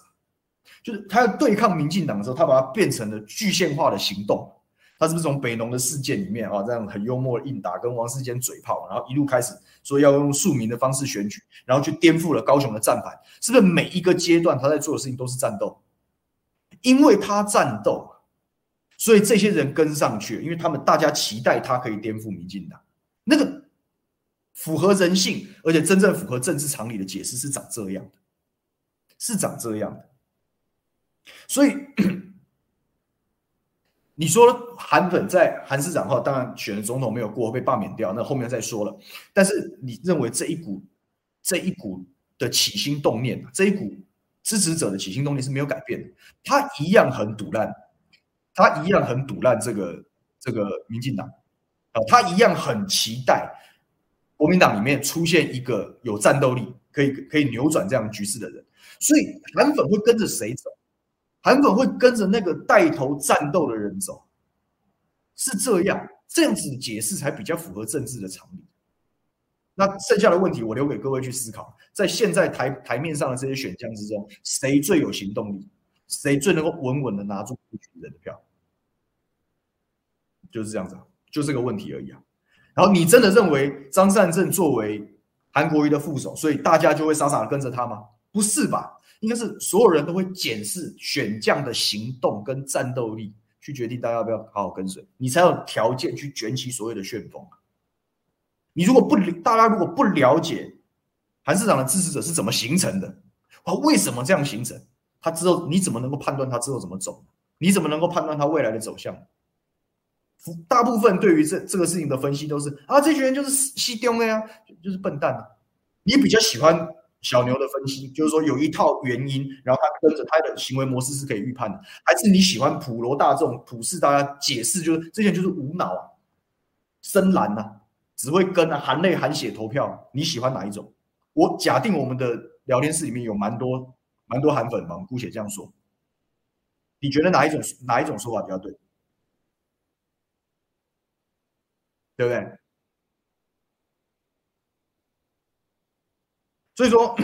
就是他要對抗民進黨的時候，他把它變成了具現化的行動。他是不是從北農的事件裡面啊，這樣很幽默的應答，跟王世堅嘴炮，然後一路開始說要用庶民的方式選舉，然後去顛覆了高雄的戰板，是不是每一個階段他在做的事情都是戰鬥？因為他戰鬥，所以這些人跟上去，因為他們大家期待他可以顛覆民進黨。那個符合人性，而且真正符合政治常理的解釋是長這樣的，是長這樣的。所以你說韓粉在韓市長哈，當然選的總統沒有過被罷免掉，那後面再說了。但是你認為這一股這一股的起心動念，這一股。支持者的起心動念是沒有改變的，他一樣很賭爛，他一樣很賭爛這個這個民進黨啊，他一樣很期待國民黨裡面出現一個有戰鬥力，可以可以扭轉這樣局勢的人。所以韓粉會跟着誰走？韓粉會跟着那個帶頭戰鬥的人走，是這樣，這樣子解釋才比較符合政治的常理。那剩下的問題，我留給各位去思考。在現在台臺面上的這些選項之中，誰最有行動力，誰最能夠穩穩的拿住人票，就是這樣子，就這個問題而已啊。然後你真的認為張善政作為韓國瑜的副手，所以大家就會傻傻的跟着他嗎？不是吧？應該是所有人都會檢視選將的行動跟戰鬥力，去決定大家要不要好好跟隨，你才有條件去捲起所有的旋風。你如果不理大家，如果不了解韓市長的支持者是怎麼形成的，他為什麼這樣形成？他之後你怎麼能夠判斷他之後怎麼走？你怎麼能夠判斷他未來的走向？大部分對於這這個事情的分析都是啊，這群人就是死忠的呀，啊，就是笨蛋啊。你比較喜歡小牛的分析，就是說有一套原因，然後他跟着他的行為模式是可以預判的，還是你喜歡普羅大眾普世大家解釋，就是這些人就是無腦啊，深藍啊。只會跟含淚含血投票，你喜歡哪一種？我假定我們的聊天室裡面有蠻多蠻多韓粉嘛，姑且這樣說。你覺得哪一種哪一種說法比較對？對不對？所以說，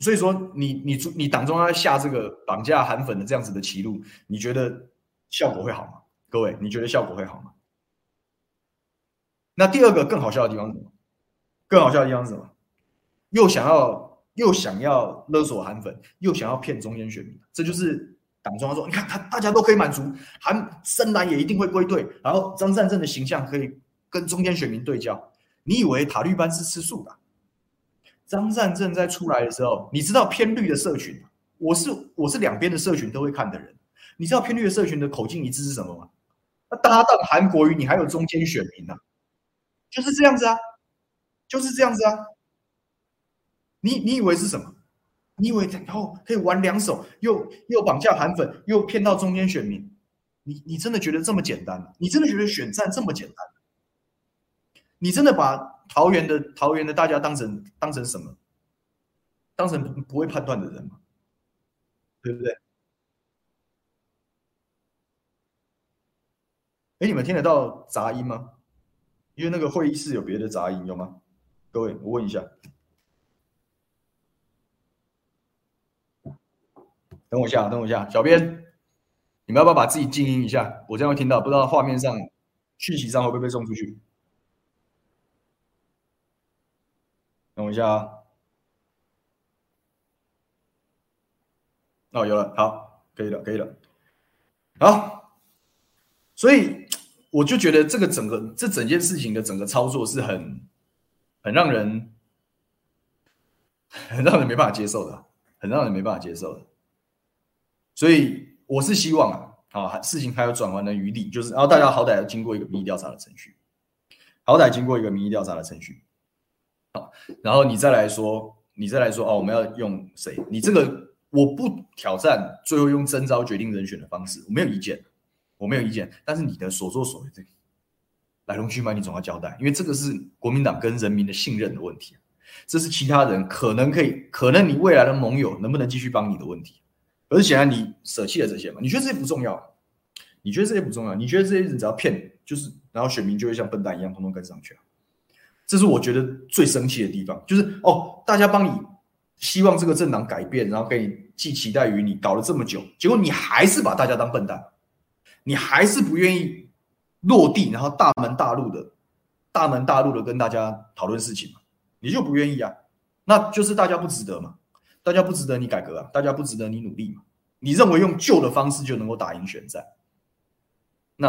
所以說你，你你你黨中央下這個綁架韓粉的這樣子的棋路，你覺得效果會好嗎？各位，你覺得效果會好嗎？那第二個更好笑的地方是什麼？更好笑的地方是什麼？又想要又想要勒索韓粉，又想要騙中間選民，這就是黨中央說。你看他，大家都可以滿足，韓深藍也一定會歸隊，然後張善政的形象可以跟中間選民對焦。你以為塔綠班是吃素的？張善政在出來的時候，你知道偏綠的社群、啊，我是我是兩邊的社群都會看的人。你知道偏綠的社群的口徑一致是什麼嗎？那搭檔韓國瑜，你還有中間選民呢、啊。就是這樣子啊，就是這樣子啊。你你以為是什麼？你以為然後、哦、可以玩兩手，又又綁架韓粉，又騙到中間選民？你你真的覺得這麼簡單？你真的覺得選戰這麼簡單？你真的把桃園的桃園的大家當成當成什麼？當成不會判斷的人嗎？對不對？哎，你們聽得到雜音嗎？因為那個會議室有別的雜音，有嗎？各位，我問一下。等我一下，等我一下，小編，你們要不要把自己靜音一下？我這樣會聽到，不知道畫面上訊息上會不會被送出去？等我一下啊。哦，有了，好，可以了，可以了。好，所以。我就覺得這個整個這整件事情的整個操作是很很讓人很讓人沒辦法接受的，很讓人沒辦法接受的。所以我是希望啊，好、啊、事情還有轉彎的餘地，就是啊，大家好歹要經過一個民意調查的程序，好歹經過一個民意調查的程序，好、啊，然後你再來說，你再來說哦、啊，我們要用誰？你這個我不挑戰，最後用徵召決定人選的方式，我沒有意見。我沒有意見，但是你的所作所為，這個來龍去脈你總要交代，因為這個是國民黨跟人民的信任的問題啊，這是其他人可能可以，可能你未來的盟友能不能繼續幫你的問題。而且呢，啊，你捨棄了這些嘛？你覺得這些不重要？你覺得這些不重要？你覺得這些人只要騙，就是然後選民就會像笨蛋一樣，通通跟上去啊，這是我覺得最生氣的地方，就是哦，大家幫你，希望這個政黨改變，然後給你寄期待於你，搞了這麼久，結果你還是把大家當笨蛋。你還是不願意落地，然後大門大路的，大門大路的跟大家討論事情嘛？你就不願意啊？那就是大家不值得嘛？大家不值得你改革啊？大家不值得你努力嘛？你認為用舊的方式就能夠打贏選戰？那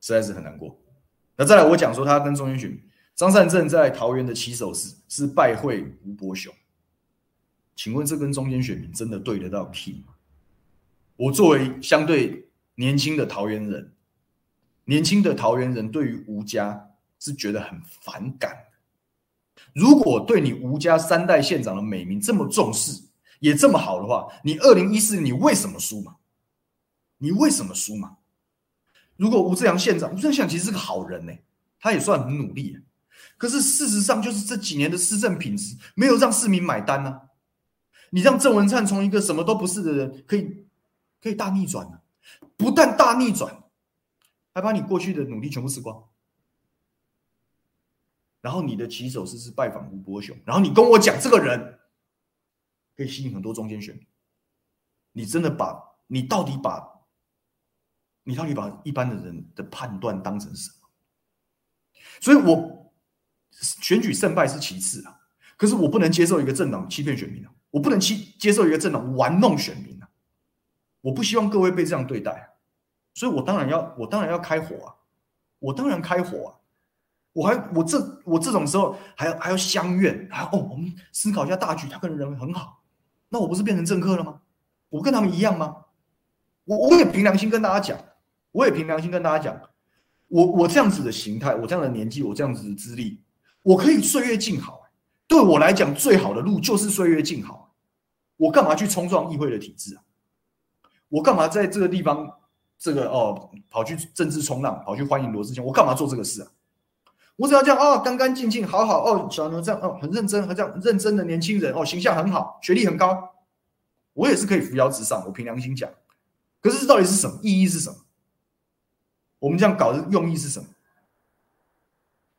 實在是很難過。那再來，我講說他跟中間選民張善政在桃園的起手式是拜會吳伯雄，請問這跟中間選民真的對得到 key 嗎？我作為相對年輕的桃園人，年輕的桃園人對於吳家是覺得很反感。如果對你吳家三代縣長的美名這麼重視，也這麼好的話，你二零一四年你為什麼輸嘛？你為什麼輸嘛？如果吳志揚縣長，吳志揚其實是個好人呢、欸，他也算很努力，可是事實上就是這幾年的施政品質沒有讓市民買單呢、啊。你讓鄭文燦從一個什麼都不是的人可以。可以大逆轉了、啊，不但大逆轉，還把你過去的努力全部吃光。然後你的起手是是拜訪吳伯雄，然後你跟我講這個人可以吸引很多中間選民。你真的把，你到底把，你到底把，你到底把一般的人的判斷當成什麼？所以我選舉勝敗是其次啊，可是我不能接受一個政黨欺騙選民啊，我不能欺接受一個政黨玩弄選民、啊。我不希望各位被這樣對待，所以我當然要，我當然要開火啊！我當然開火啊！我還我這我這種時候還要還要相怨啊！哦，我們思考一下大局，他跟人很好，那我不是變成政客了嗎？我跟他們一樣嗎？我我也憑良心跟大家講，我也憑良心跟大家講，我我這樣子的形態，我這樣的年紀，我這樣子的資歷，我可以歲月靜好。對我來講，最好的路就是歲月靜好。我幹嘛去衝撞議會的體制啊？我幹嘛在這個地方，這個哦，跑去政治衝浪，跑去歡迎羅志祥？我幹嘛做這個事啊？我只要這樣哦，乾乾淨淨，好好哦，小牛這樣哦，很認真，很這樣認真的年輕人哦，形象很好，學歷很高，我也是可以扶搖直上。我憑良心講，可是這到底是什麼意義？是什麼？我們這樣搞的用意是什麼？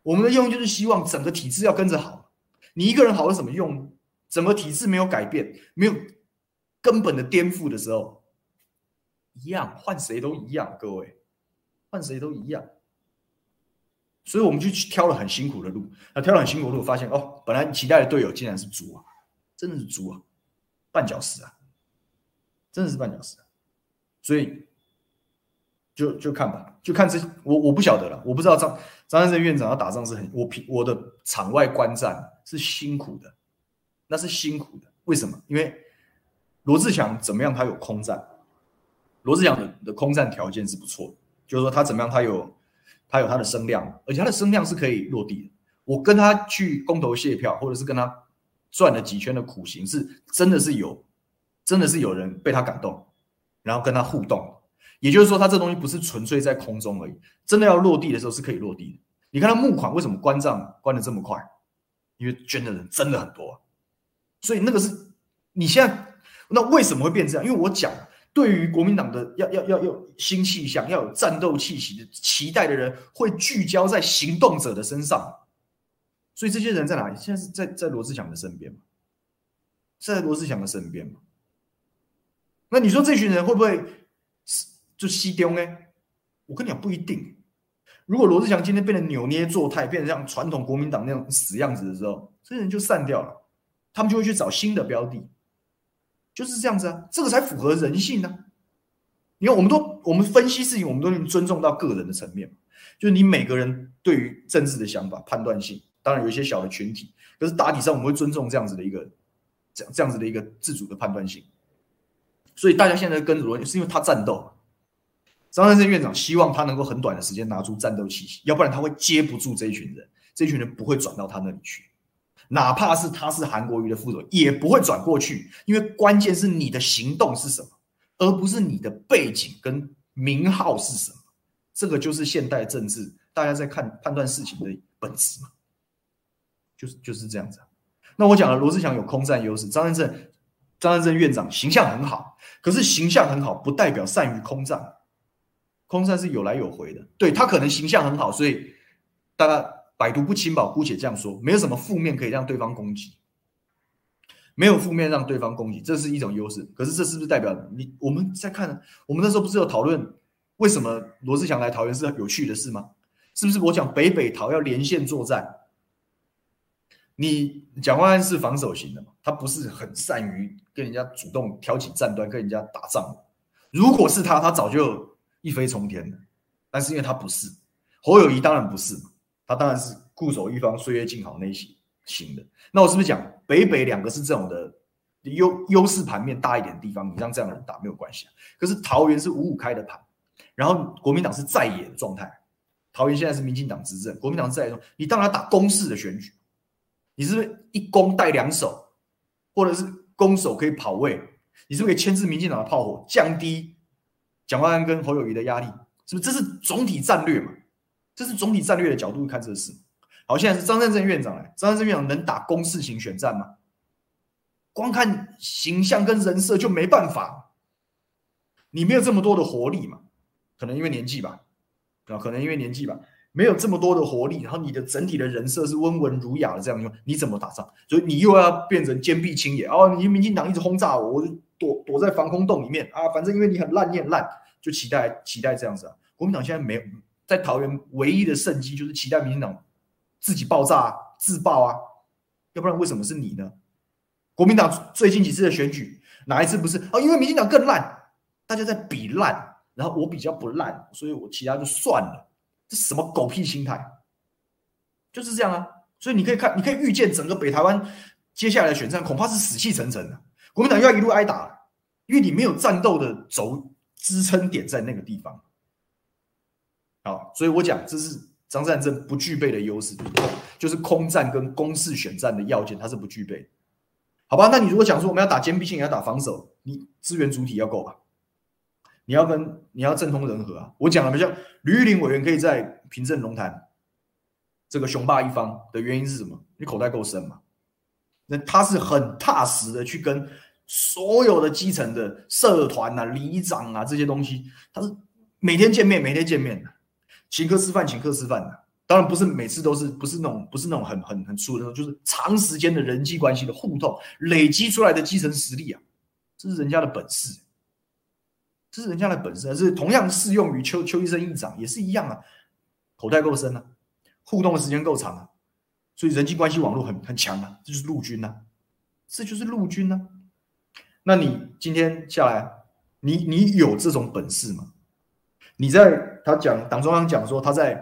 我們的用意就是希望整個體制要跟着好。你一個人好有什麼用？整個體制沒有改變，沒有根本的顛覆的時候。一樣，換誰都一樣，各位，換誰都一樣，所以我們就去挑了很辛苦的路，那挑了很辛苦的路，發現哦，本來期待的隊友竟然是豬啊，真的是豬啊，絆腳石啊，真的是絆腳石啊，所以就就看吧，就看這我我不曉得了，我不知道張張善政院長要打仗是很，我平，我的場外觀戰是辛苦的，那是辛苦的，為什麼？因為羅智強怎麼樣？他有空戰。羅智強的空戰條件是不錯的，就是說他怎麼樣，他有他有他的聲量，而且他的聲量是可以落地的。我跟他去公投謝票，或者是跟他轉了幾圈的苦行，是真的是有，真的是有人被他感動，然後跟他互動。也就是說，他這東西不是純粹在空中而已，真的要落地的時候是可以落地的。你看他募款為什麼關賬關得這麼快？因為捐的人真的很多啊。所以那個是你現在，那為什麼會變這樣？因為我講。對於國民黨的要要要要有新氣象、要有戰鬥氣息的期待的人，會聚焦在行動者的身上。所以這些人在哪裡？現在是在在，在羅智強的身邊嗎？在羅智強的身邊嗎？那你說這群人會不會就西丟呢？我跟你講不一定。如果羅智強今天變得扭捏作態變得像傳統國民黨那種死樣子的時候，這些人就散掉了，他們就會去找新的標的。就是這樣子啊，這個才符合人性呢、啊。因為我們都我們分析事情，我們都能尊重到個人的層面嘛。就是你每個人對於政治的想法、判斷性，當然有一些小的群體，可是大體上我們會尊重這樣子的一個這樣這樣子的一個自主的判斷性。所以大家現在跟羅就是因為他戰鬥，張善政院長希望他能夠很短的時間拿出戰鬥氣息，要不然他會接不住這一群人，這一群人不會轉到他那裡去。哪怕是他是韓國瑜的副手，也不會轉過去，因為關鍵是你的行動是什麼，而不是你的背景跟名號是什麼。這個就是現代政治，大家在看判斷事情的本質嘛，就是就是這樣子。那我講了，羅智強有空戰優勢，張善政張善政院長形象很好，可是形象很好不代表善於空戰，空戰是有來有回的。對他可能形象很好，所以大家。呃百毒不侵吧，姑且這樣說，沒有什麼負面可以讓對方攻擊，沒有負面讓對方攻擊，這是一種優勢。可是這是不是代表你？我們在看，我們那時候不是有討論為什麼羅智強來桃園是有趣的事嗎？是不是我講北北桃要連線作戰？你蔣萬安是防守型的嘛，他不是很善於跟人家主動挑起戰端，跟人家打仗的。如果是他，他早就一飛沖天了。但是因為他不是侯友宜，當然不是他當然是固守一方、歲月靜好那一型型的。那我是不是講北北兩個是這種的優優勢盤面大一點的地方？你讓這樣的人打沒有關係啊。可是桃園是五五開的盤，然後國民黨是在野的狀態。桃園現在是民進黨執政，國民黨在野，你當然打攻勢的選舉，你是不是一攻帶兩守，或者是攻守可以跑位？你是不是可以牽制民進黨的炮火，降低蔣萬安跟侯友宜的壓力？是不是這是總體戰略嘛？這是總體戰略的角度看這事。好，現在是張善政院長來。張善政院長能打攻勢型選戰嗎？光看形象跟人設就沒辦法。你沒有這麼多的活力嘛？可能因為年紀吧，啊，可能因為年紀吧，沒有這麼多的活力。然後你的整體的人設是溫文儒雅的這樣，你怎麼打仗？所以你又要變成堅壁清野哦？你民進黨一直轟炸我，我就躲躲在防空洞裡面啊。反正因為你很爛，你很爛，就期待期待這樣子啊。國民黨現在沒有。在桃園唯一的勝機就是期待民進黨自己爆炸、啊、自爆啊，要不然為什麼是你呢？國民黨最近幾次的選舉哪一次不是？哦、啊，因為民進黨更爛，大家在比爛，然後我比較不爛，所以我其他就算了。這是什麼狗屁心態？就是這樣啊！所以你可以看，你可以預見整個北台灣接下來的選戰恐怕是死氣沉沉的，國民黨又要一路挨打，因為你沒有戰鬥的軸支撐點在那個地方。好，所以我講，這是張善政不具備的優勢，就是空戰跟攻勢選戰的要件，他是不具備。好吧，那你如果講說我們要打堅壁清野，要打防守，你資源主體要夠吧、啊？你要跟你要政通人和啊。我講了，比如呂玉玲委員可以在平鎮龍潭這個雄霸一方的原因是什麼？你口袋夠深嘛？那他是很踏實的去跟所有的基層的社團啊、里長啊這些東西，他是每天見面、每天見面的。請客吃飯，請客吃飯的，當然不是每次都是，不是那種，不是那種很很很粗的那種，就是長時間的人際關係的互動累積出來的基層實力啊，這是人家的本事，這是人家的本事、啊，是同樣適用於邱邱奕勝議長也是一樣啊，口袋夠深啊，互動的時間夠長啊，所以人際關係網絡很很強啊，這就是陸軍啊，這就是陸軍啊。那你今天下來、啊，你你有這種本事嗎？你在？他講黨中央講說，他在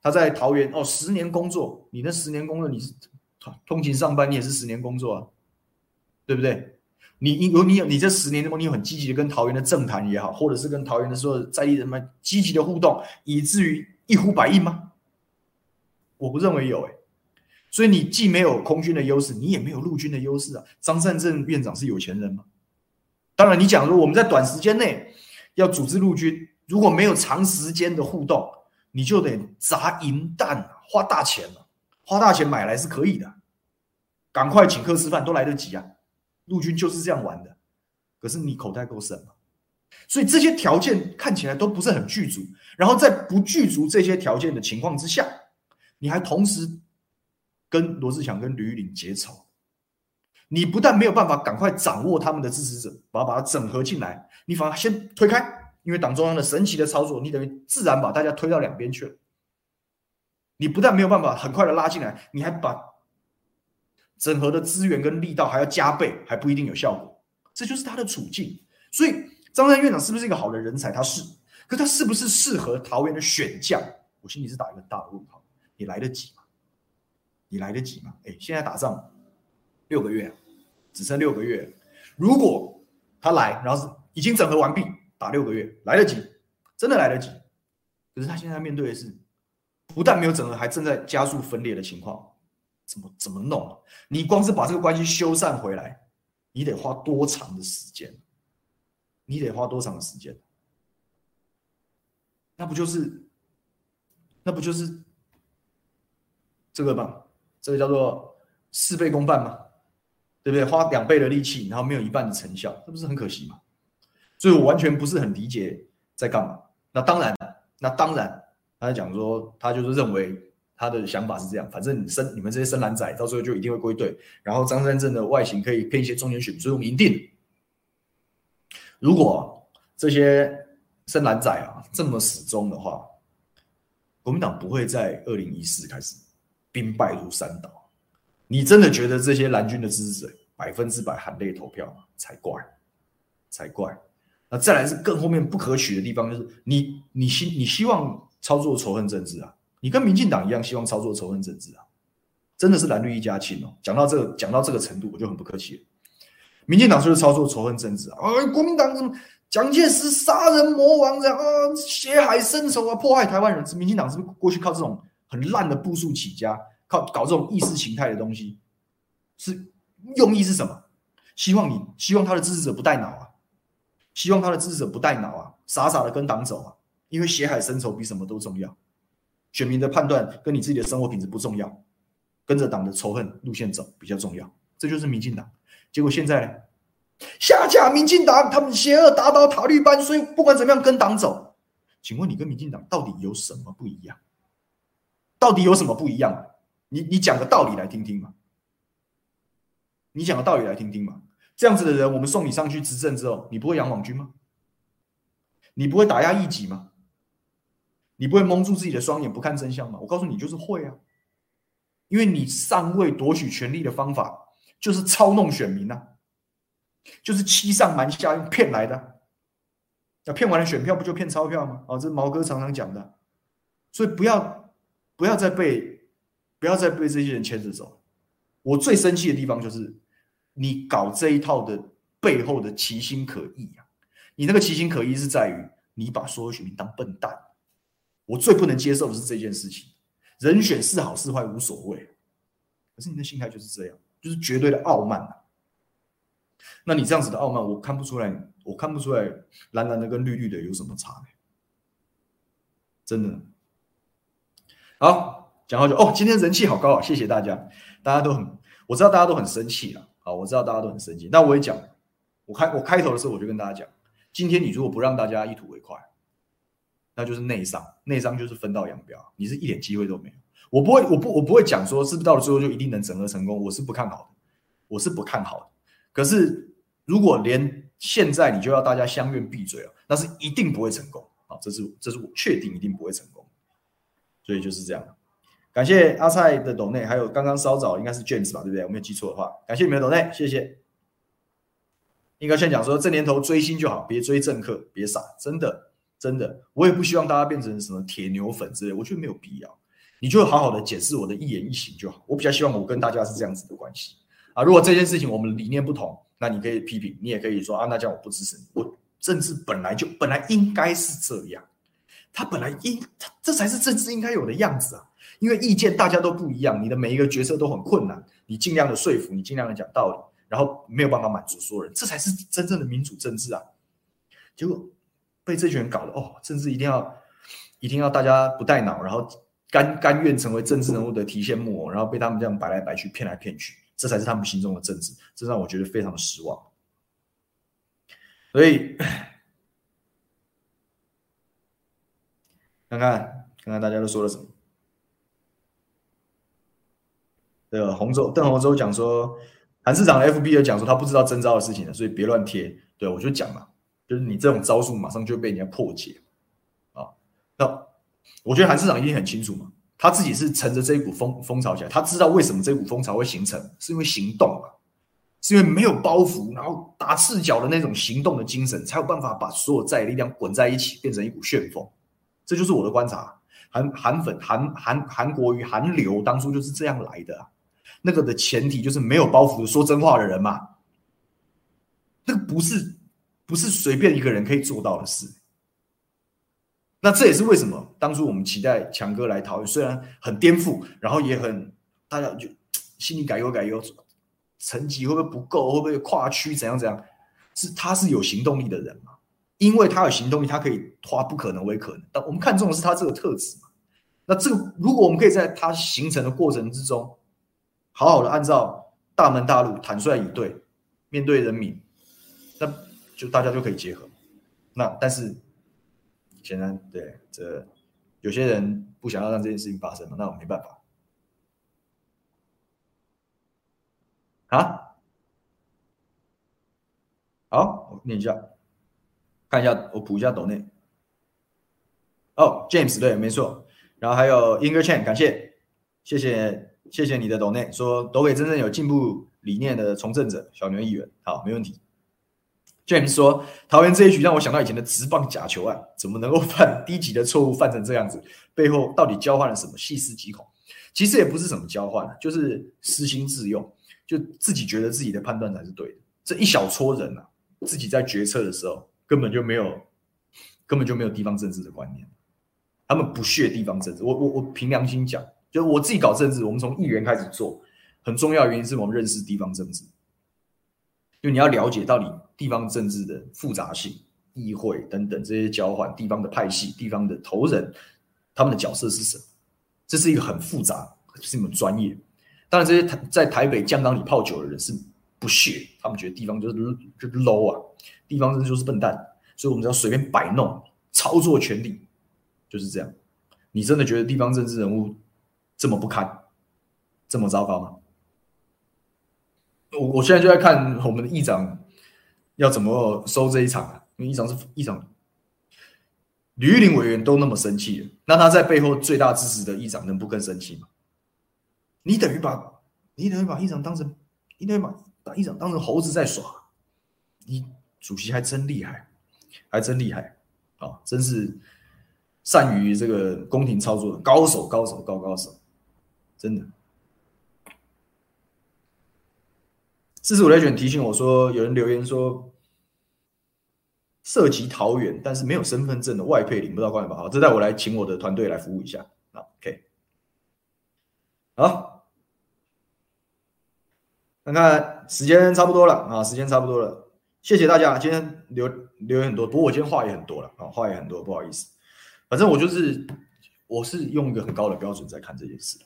他在桃園哦十年工作，你那十年工作你是通勤上班，你也是十年工作啊，對不對？你有你有你這十年工你有很積極的跟桃園的政壇也好，或者是跟桃園的所有在地人們積極的互動，以至於一呼百應嗎？我不認為有哎、欸，所以你既沒有空軍的優勢，你也沒有陸軍的優勢啊。張善政院長是有錢人嗎？當然，你講，如果我們在短時間內要組織陸軍。如果沒有長時間的互動，你就得砸銀蛋，花大錢了。花大錢買來是可以的，趕快請客吃飯都來得及啊！陸軍就是這樣玩的，可是你口袋夠深嗎？所以這些條件看起來都不是很具足。然後在不具足這些條件的情況之下，你還同時跟羅智強、跟呂玉玲結仇，你不但沒有辦法趕快掌握他們的支持者，把把它整合進來，你反而先推開。因為黨中央的神奇的操作，你等於自然把大家推到兩邊去了，你不但沒有辦法很快的拉進來，你還把整合的資源跟力道還要加倍，還不一定有效果。這就是他的處境。所以張善政院長是不是一個好的人才？他是，可是他是不是適合桃園的選將？我心裡是打一個大問號。你來得及嗎？你來得及嗎？哎，現在打仗六個月，只剩六個月。如果他來，然後是已經整合完畢，打六個月來得及，真的來得及。可是他現在面對的是，不但沒有整合，還正在加速分裂的情況。怎麼怎麼弄啊？你光是把這個關係修繕回來，你得花多長的時間？你得花多長的時間？那不就是，那不就是這個吧，這個叫做事倍功半嘛，對不對？花兩倍的力氣，然後沒有一半的成效，那不是很可惜嗎？所以我完全不是很理解，在幹嘛。那當然，那當然，他講說他就是認為他的想法是這樣，反正你深你們這些深藍仔到時候就一定會歸隊，然後張善政的外形可以騙一些中間選民，最終贏定。如果這些深藍仔啊這麼死忠的話，國民黨不會在二零一四開始兵敗如山倒。你真的覺得這些藍軍的支持者百分之百含淚投票嗎？才怪，才怪。那、啊、再來是更後面不可取的地方，就是你你希你希望操作仇恨政治啊？你跟民進黨一樣希望操作仇恨政治啊？真的是藍綠一家親哦。講到這個講到這個程度，我就很不客氣了。民進黨是不是操作仇恨政治啊？哎、國民黨蔣介石殺人魔王、啊，然後血海深仇啊，迫害台灣人。民進黨是不是過去靠這種很爛的步數起家，靠搞這種意識形態的東西？是用意是什麼？希望你希望他的支持者不帶腦啊？希望他的支持者不帶腦啊，傻傻的跟黨走啊，因為血海深仇比什麼都重要。選民的判斷跟你自己的生活品質不重要，跟着黨的仇恨路線走比較重要。這就是民進黨。結果現在呢，下架民進黨，他們邪惡打倒塔利班，所以不管怎麼樣跟黨走。請問你跟民進黨到底有什麼不一樣？到底有什麼不一樣？你你講個道理來聽聽嘛！你講個道理來聽聽嘛！這樣子的人，我們送你上去執政之後，你不會養網軍嗎？你不會打壓異己嗎？你不會蒙住自己的雙眼不看真相嗎？我告訴你，就是會啊！因為你上位奪取權力的方法就是操弄選民啊，就是欺上瞞下用騙來的、啊。那騙完了選票不就騙鈔票嗎？啊、哦，這是毛哥常常講的，所以不要不要再被不要再被這些人牽着走。我最生氣的地方就是。你搞這一套的背後的其心可議呀！你那個其心可議是在於你把所有選民當笨蛋。我最不能接受的是這件事情，人選是好是壞無所謂，可是你的心態就是這樣，就是絕對的傲慢啊！那你這樣子的傲慢，我看不出來，我看不出來藍藍的跟綠綠的有什麼差呢？真的，好，講好久哦，今天人氣好高啊！謝謝大家，大家都很，我知道大家都很生氣啊。好，我知道大家都很生氣。那我也講，我開我開頭的時候我就跟大家講，今天你如果不讓大家一吐為快，那就是內傷，內傷就是分道揚鑣，你是一點機會都沒有。我不會，我不，我不會講說是不是到了最後就一定能整合成功，我是不看好的，我是不看好的。可是如果連現在你就要大家相願閉嘴了，那是一定不會成功。好，這是這是我確定一定不會成功，所以就是這樣。感謝阿蔡的抖內，還有剛剛稍早應該是 James 吧，對不對？我沒有記錯的話，感謝你們的抖內，謝謝。應該先講說，這年頭追星就好，別追政客，別傻，真的真的，我也不希望大家變成什麼鐵牛粉之類，我覺得沒有必要。你就好好的解釋我的一言一行就好。我比較希望我跟大家是這樣子的關係啊。如果這件事情我們理念不同，那你可以批評，你也可以說啊，那這樣我不支持你。我政治本來就本來應該是這樣，他本來應，這才是政治應該有的樣子啊。因為意見大家都不一樣，你的每一個決策都很困難，你盡量的說服，你盡量的講道理，然後沒有辦法滿足所有人，這才是真正的民主政治啊！結果被這群人搞得哦，政治一定要一定要大家不帶腦，然後甘甘願成為政治人物的提線木偶，然後被他們這樣擺來擺去、騙來騙去，這才是他們心中的政治，這讓我覺得非常的失望。所以，看看看看大家都說了什麼。的洪州鄧洪州講說，韓市長 F B a 講說，他不知道真招的事情，所以別亂貼。對，我就講嘛，就是你這種招數，馬上就被人家破解啊。那我覺得韓市長已經很清楚嘛，他自己是乘着這一股風風潮起來，他知道為什麼這股風潮會形成，是因為行動嘛，是因為沒有包袱，然後打赤腳的那種行動的精神，才有辦法把所有在力量滾在一起，變成一股旋風。這就是我的觀察，韓韓粉韓韓韓國瑜韓流當初就是這樣來的啊。那個的前提就是沒有包袱的說真話的人嘛，那個不是不是隨便一個人可以做到的事。那這也是為什麼當初我們期待強哥來桃，雖然很顛覆，然後也很大家就心裡改優改優，成績會不會不夠？會不會跨區怎樣怎樣？是他是有行動力的人嘛，因為他有行動力，他可以化不可能為可能。但我們看中的是他這個特質嘛。那這個如果我們可以在他形成的過程之中。好好的按照大門大路坦率以對，面對人民，那就大家就可以結合。那但是顯然對這有些人不想要讓這件事情發生嘛，那我沒辦法啊。好，我念一下，看一下我補一下抖內。哦，James 對，沒錯。然後還有 English 感謝，謝謝。謝謝你的斗內說，都給真正有進步理念的從政者，小牛議員。好，沒問題。James 說，桃園這一局讓我想到以前的職棒假球案，怎麼能夠犯低級的錯誤，犯成這樣子？背後到底交換了什麼？細思極恐。其實也不是什麼交換，就是私心自用，就自己覺得自己的判斷才是對的。這一小撮人啊，自己在決策的時候根本就沒有，根本就沒有地方政治的觀念，他們不屑地方政治。我我我，憑良心講。就是我自己搞政治，我們從議員開始做。很重要的原因是我們認識地方政治，因為你要了解到底地方政治的複雜性、議會等等這些交換、地方的派系、地方的頭人，他們的角色是什麼？這是一個很複雜、是一門專業。當然，這些在台北醬缸裡泡酒的人是不屑，他們覺得地方就是就 low 啊，地方政治就是笨蛋，所以我們只要隨便擺弄、操作權力，就是這樣。你真的覺得地方政治人物？這麼不堪，這麼糟糕嗎？我我現在就在看我們的議長要怎麼收這一場啊！因為議長是議長，呂玉玲委員都那麼生氣了，那他在背後最大支持的議長能不更生氣嗎？你等於把，你等於把議長當成，你等於把把議長當成猴子在耍。你主席，還真厲害，還真厲害啊、哦！真是善於這個宮廷操作的高手，高手，高高手。真的，四十五雷卷提醒我說，有人留言說涉及桃園，但是沒有身份證的外配領不到，關聯不好，這代我來請我的團隊來服務一下。好，OK，好，看看時間差不多了啊，時間差不多了，謝謝大家，今天留留言很多，不過我今天話也很多了啊，話也很多，不好意思，反正我就是我是用一個很高的標準在看這件事。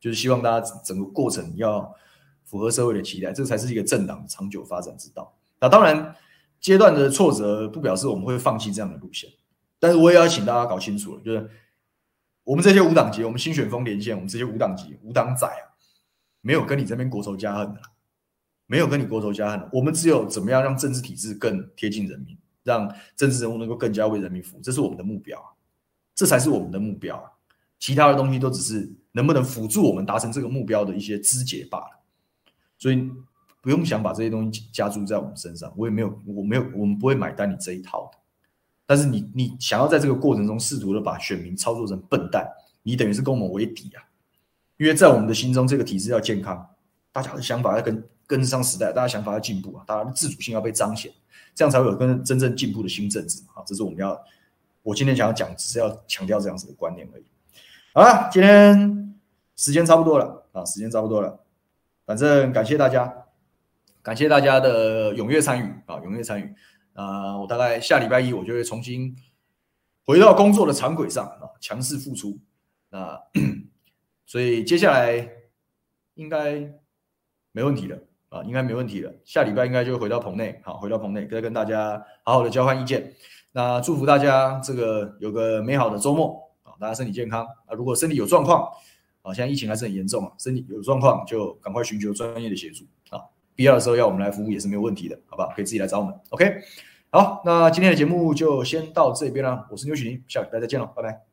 就是希望大家整個過程要符合社會的期待，這才是一個政黨的長久發展之道。那當然，階段的挫折不表示我們會放棄這樣的路線。但是我也要請大家搞清楚了，就是我們這些無黨籍，我們新選風連線，我們這些無黨籍、無黨仔啊，沒有跟你這邊國仇家恨的，沒有跟你國仇家恨的。我們只有怎麼樣讓政治體制更貼近人民，讓政治人物能夠更加為人民服務，這是我們的目標啊，這才是我們的目標啊。其他的東西都只是。能不能輔助我們達成這個目標的一些枝節罷了，所以不用想把這些東西加注在我們身上。我也沒有，我沒有，我們不會買單你這一套的。但是你，你想要在這個過程中試圖的把選民操作成笨蛋，你等於是跟我們為敵啊！因為在我們的心中，這個體制要健康，大家的想法要跟跟上時代，大家的想法要進步啊，大家的自主性要被彰顯，這樣才會有跟真正進步的新政治啊！這是我們要，我今天想要講，只是要強調這樣子的觀念而已。好了，今天時間差不多了啊，時間差不多了。反正感謝大家，感謝大家的踴躍參與啊，踴躍參與。啊，我大概下禮拜一我就會重新回到工作的常軌上啊，強勢復出。那、啊、 所以接下來應該沒問題的啊，應該沒問題了。下禮拜應該就回到棚內，好，回到棚內再跟大家好好的交換意見。那祝福大家這個有個美好的週末。大家、啊、身體健康啊！如果身體有狀況，啊，現在疫情還是很嚴重啊，身體有狀況就趕快尋求專業的協助啊。必要的時候要我們來服務也是沒有問題的，好吧？可以自己來找我們，OK？好，那今天的節目就先到這邊了、啊，我是牛煦庭，下禮拜再見嘍，拜拜。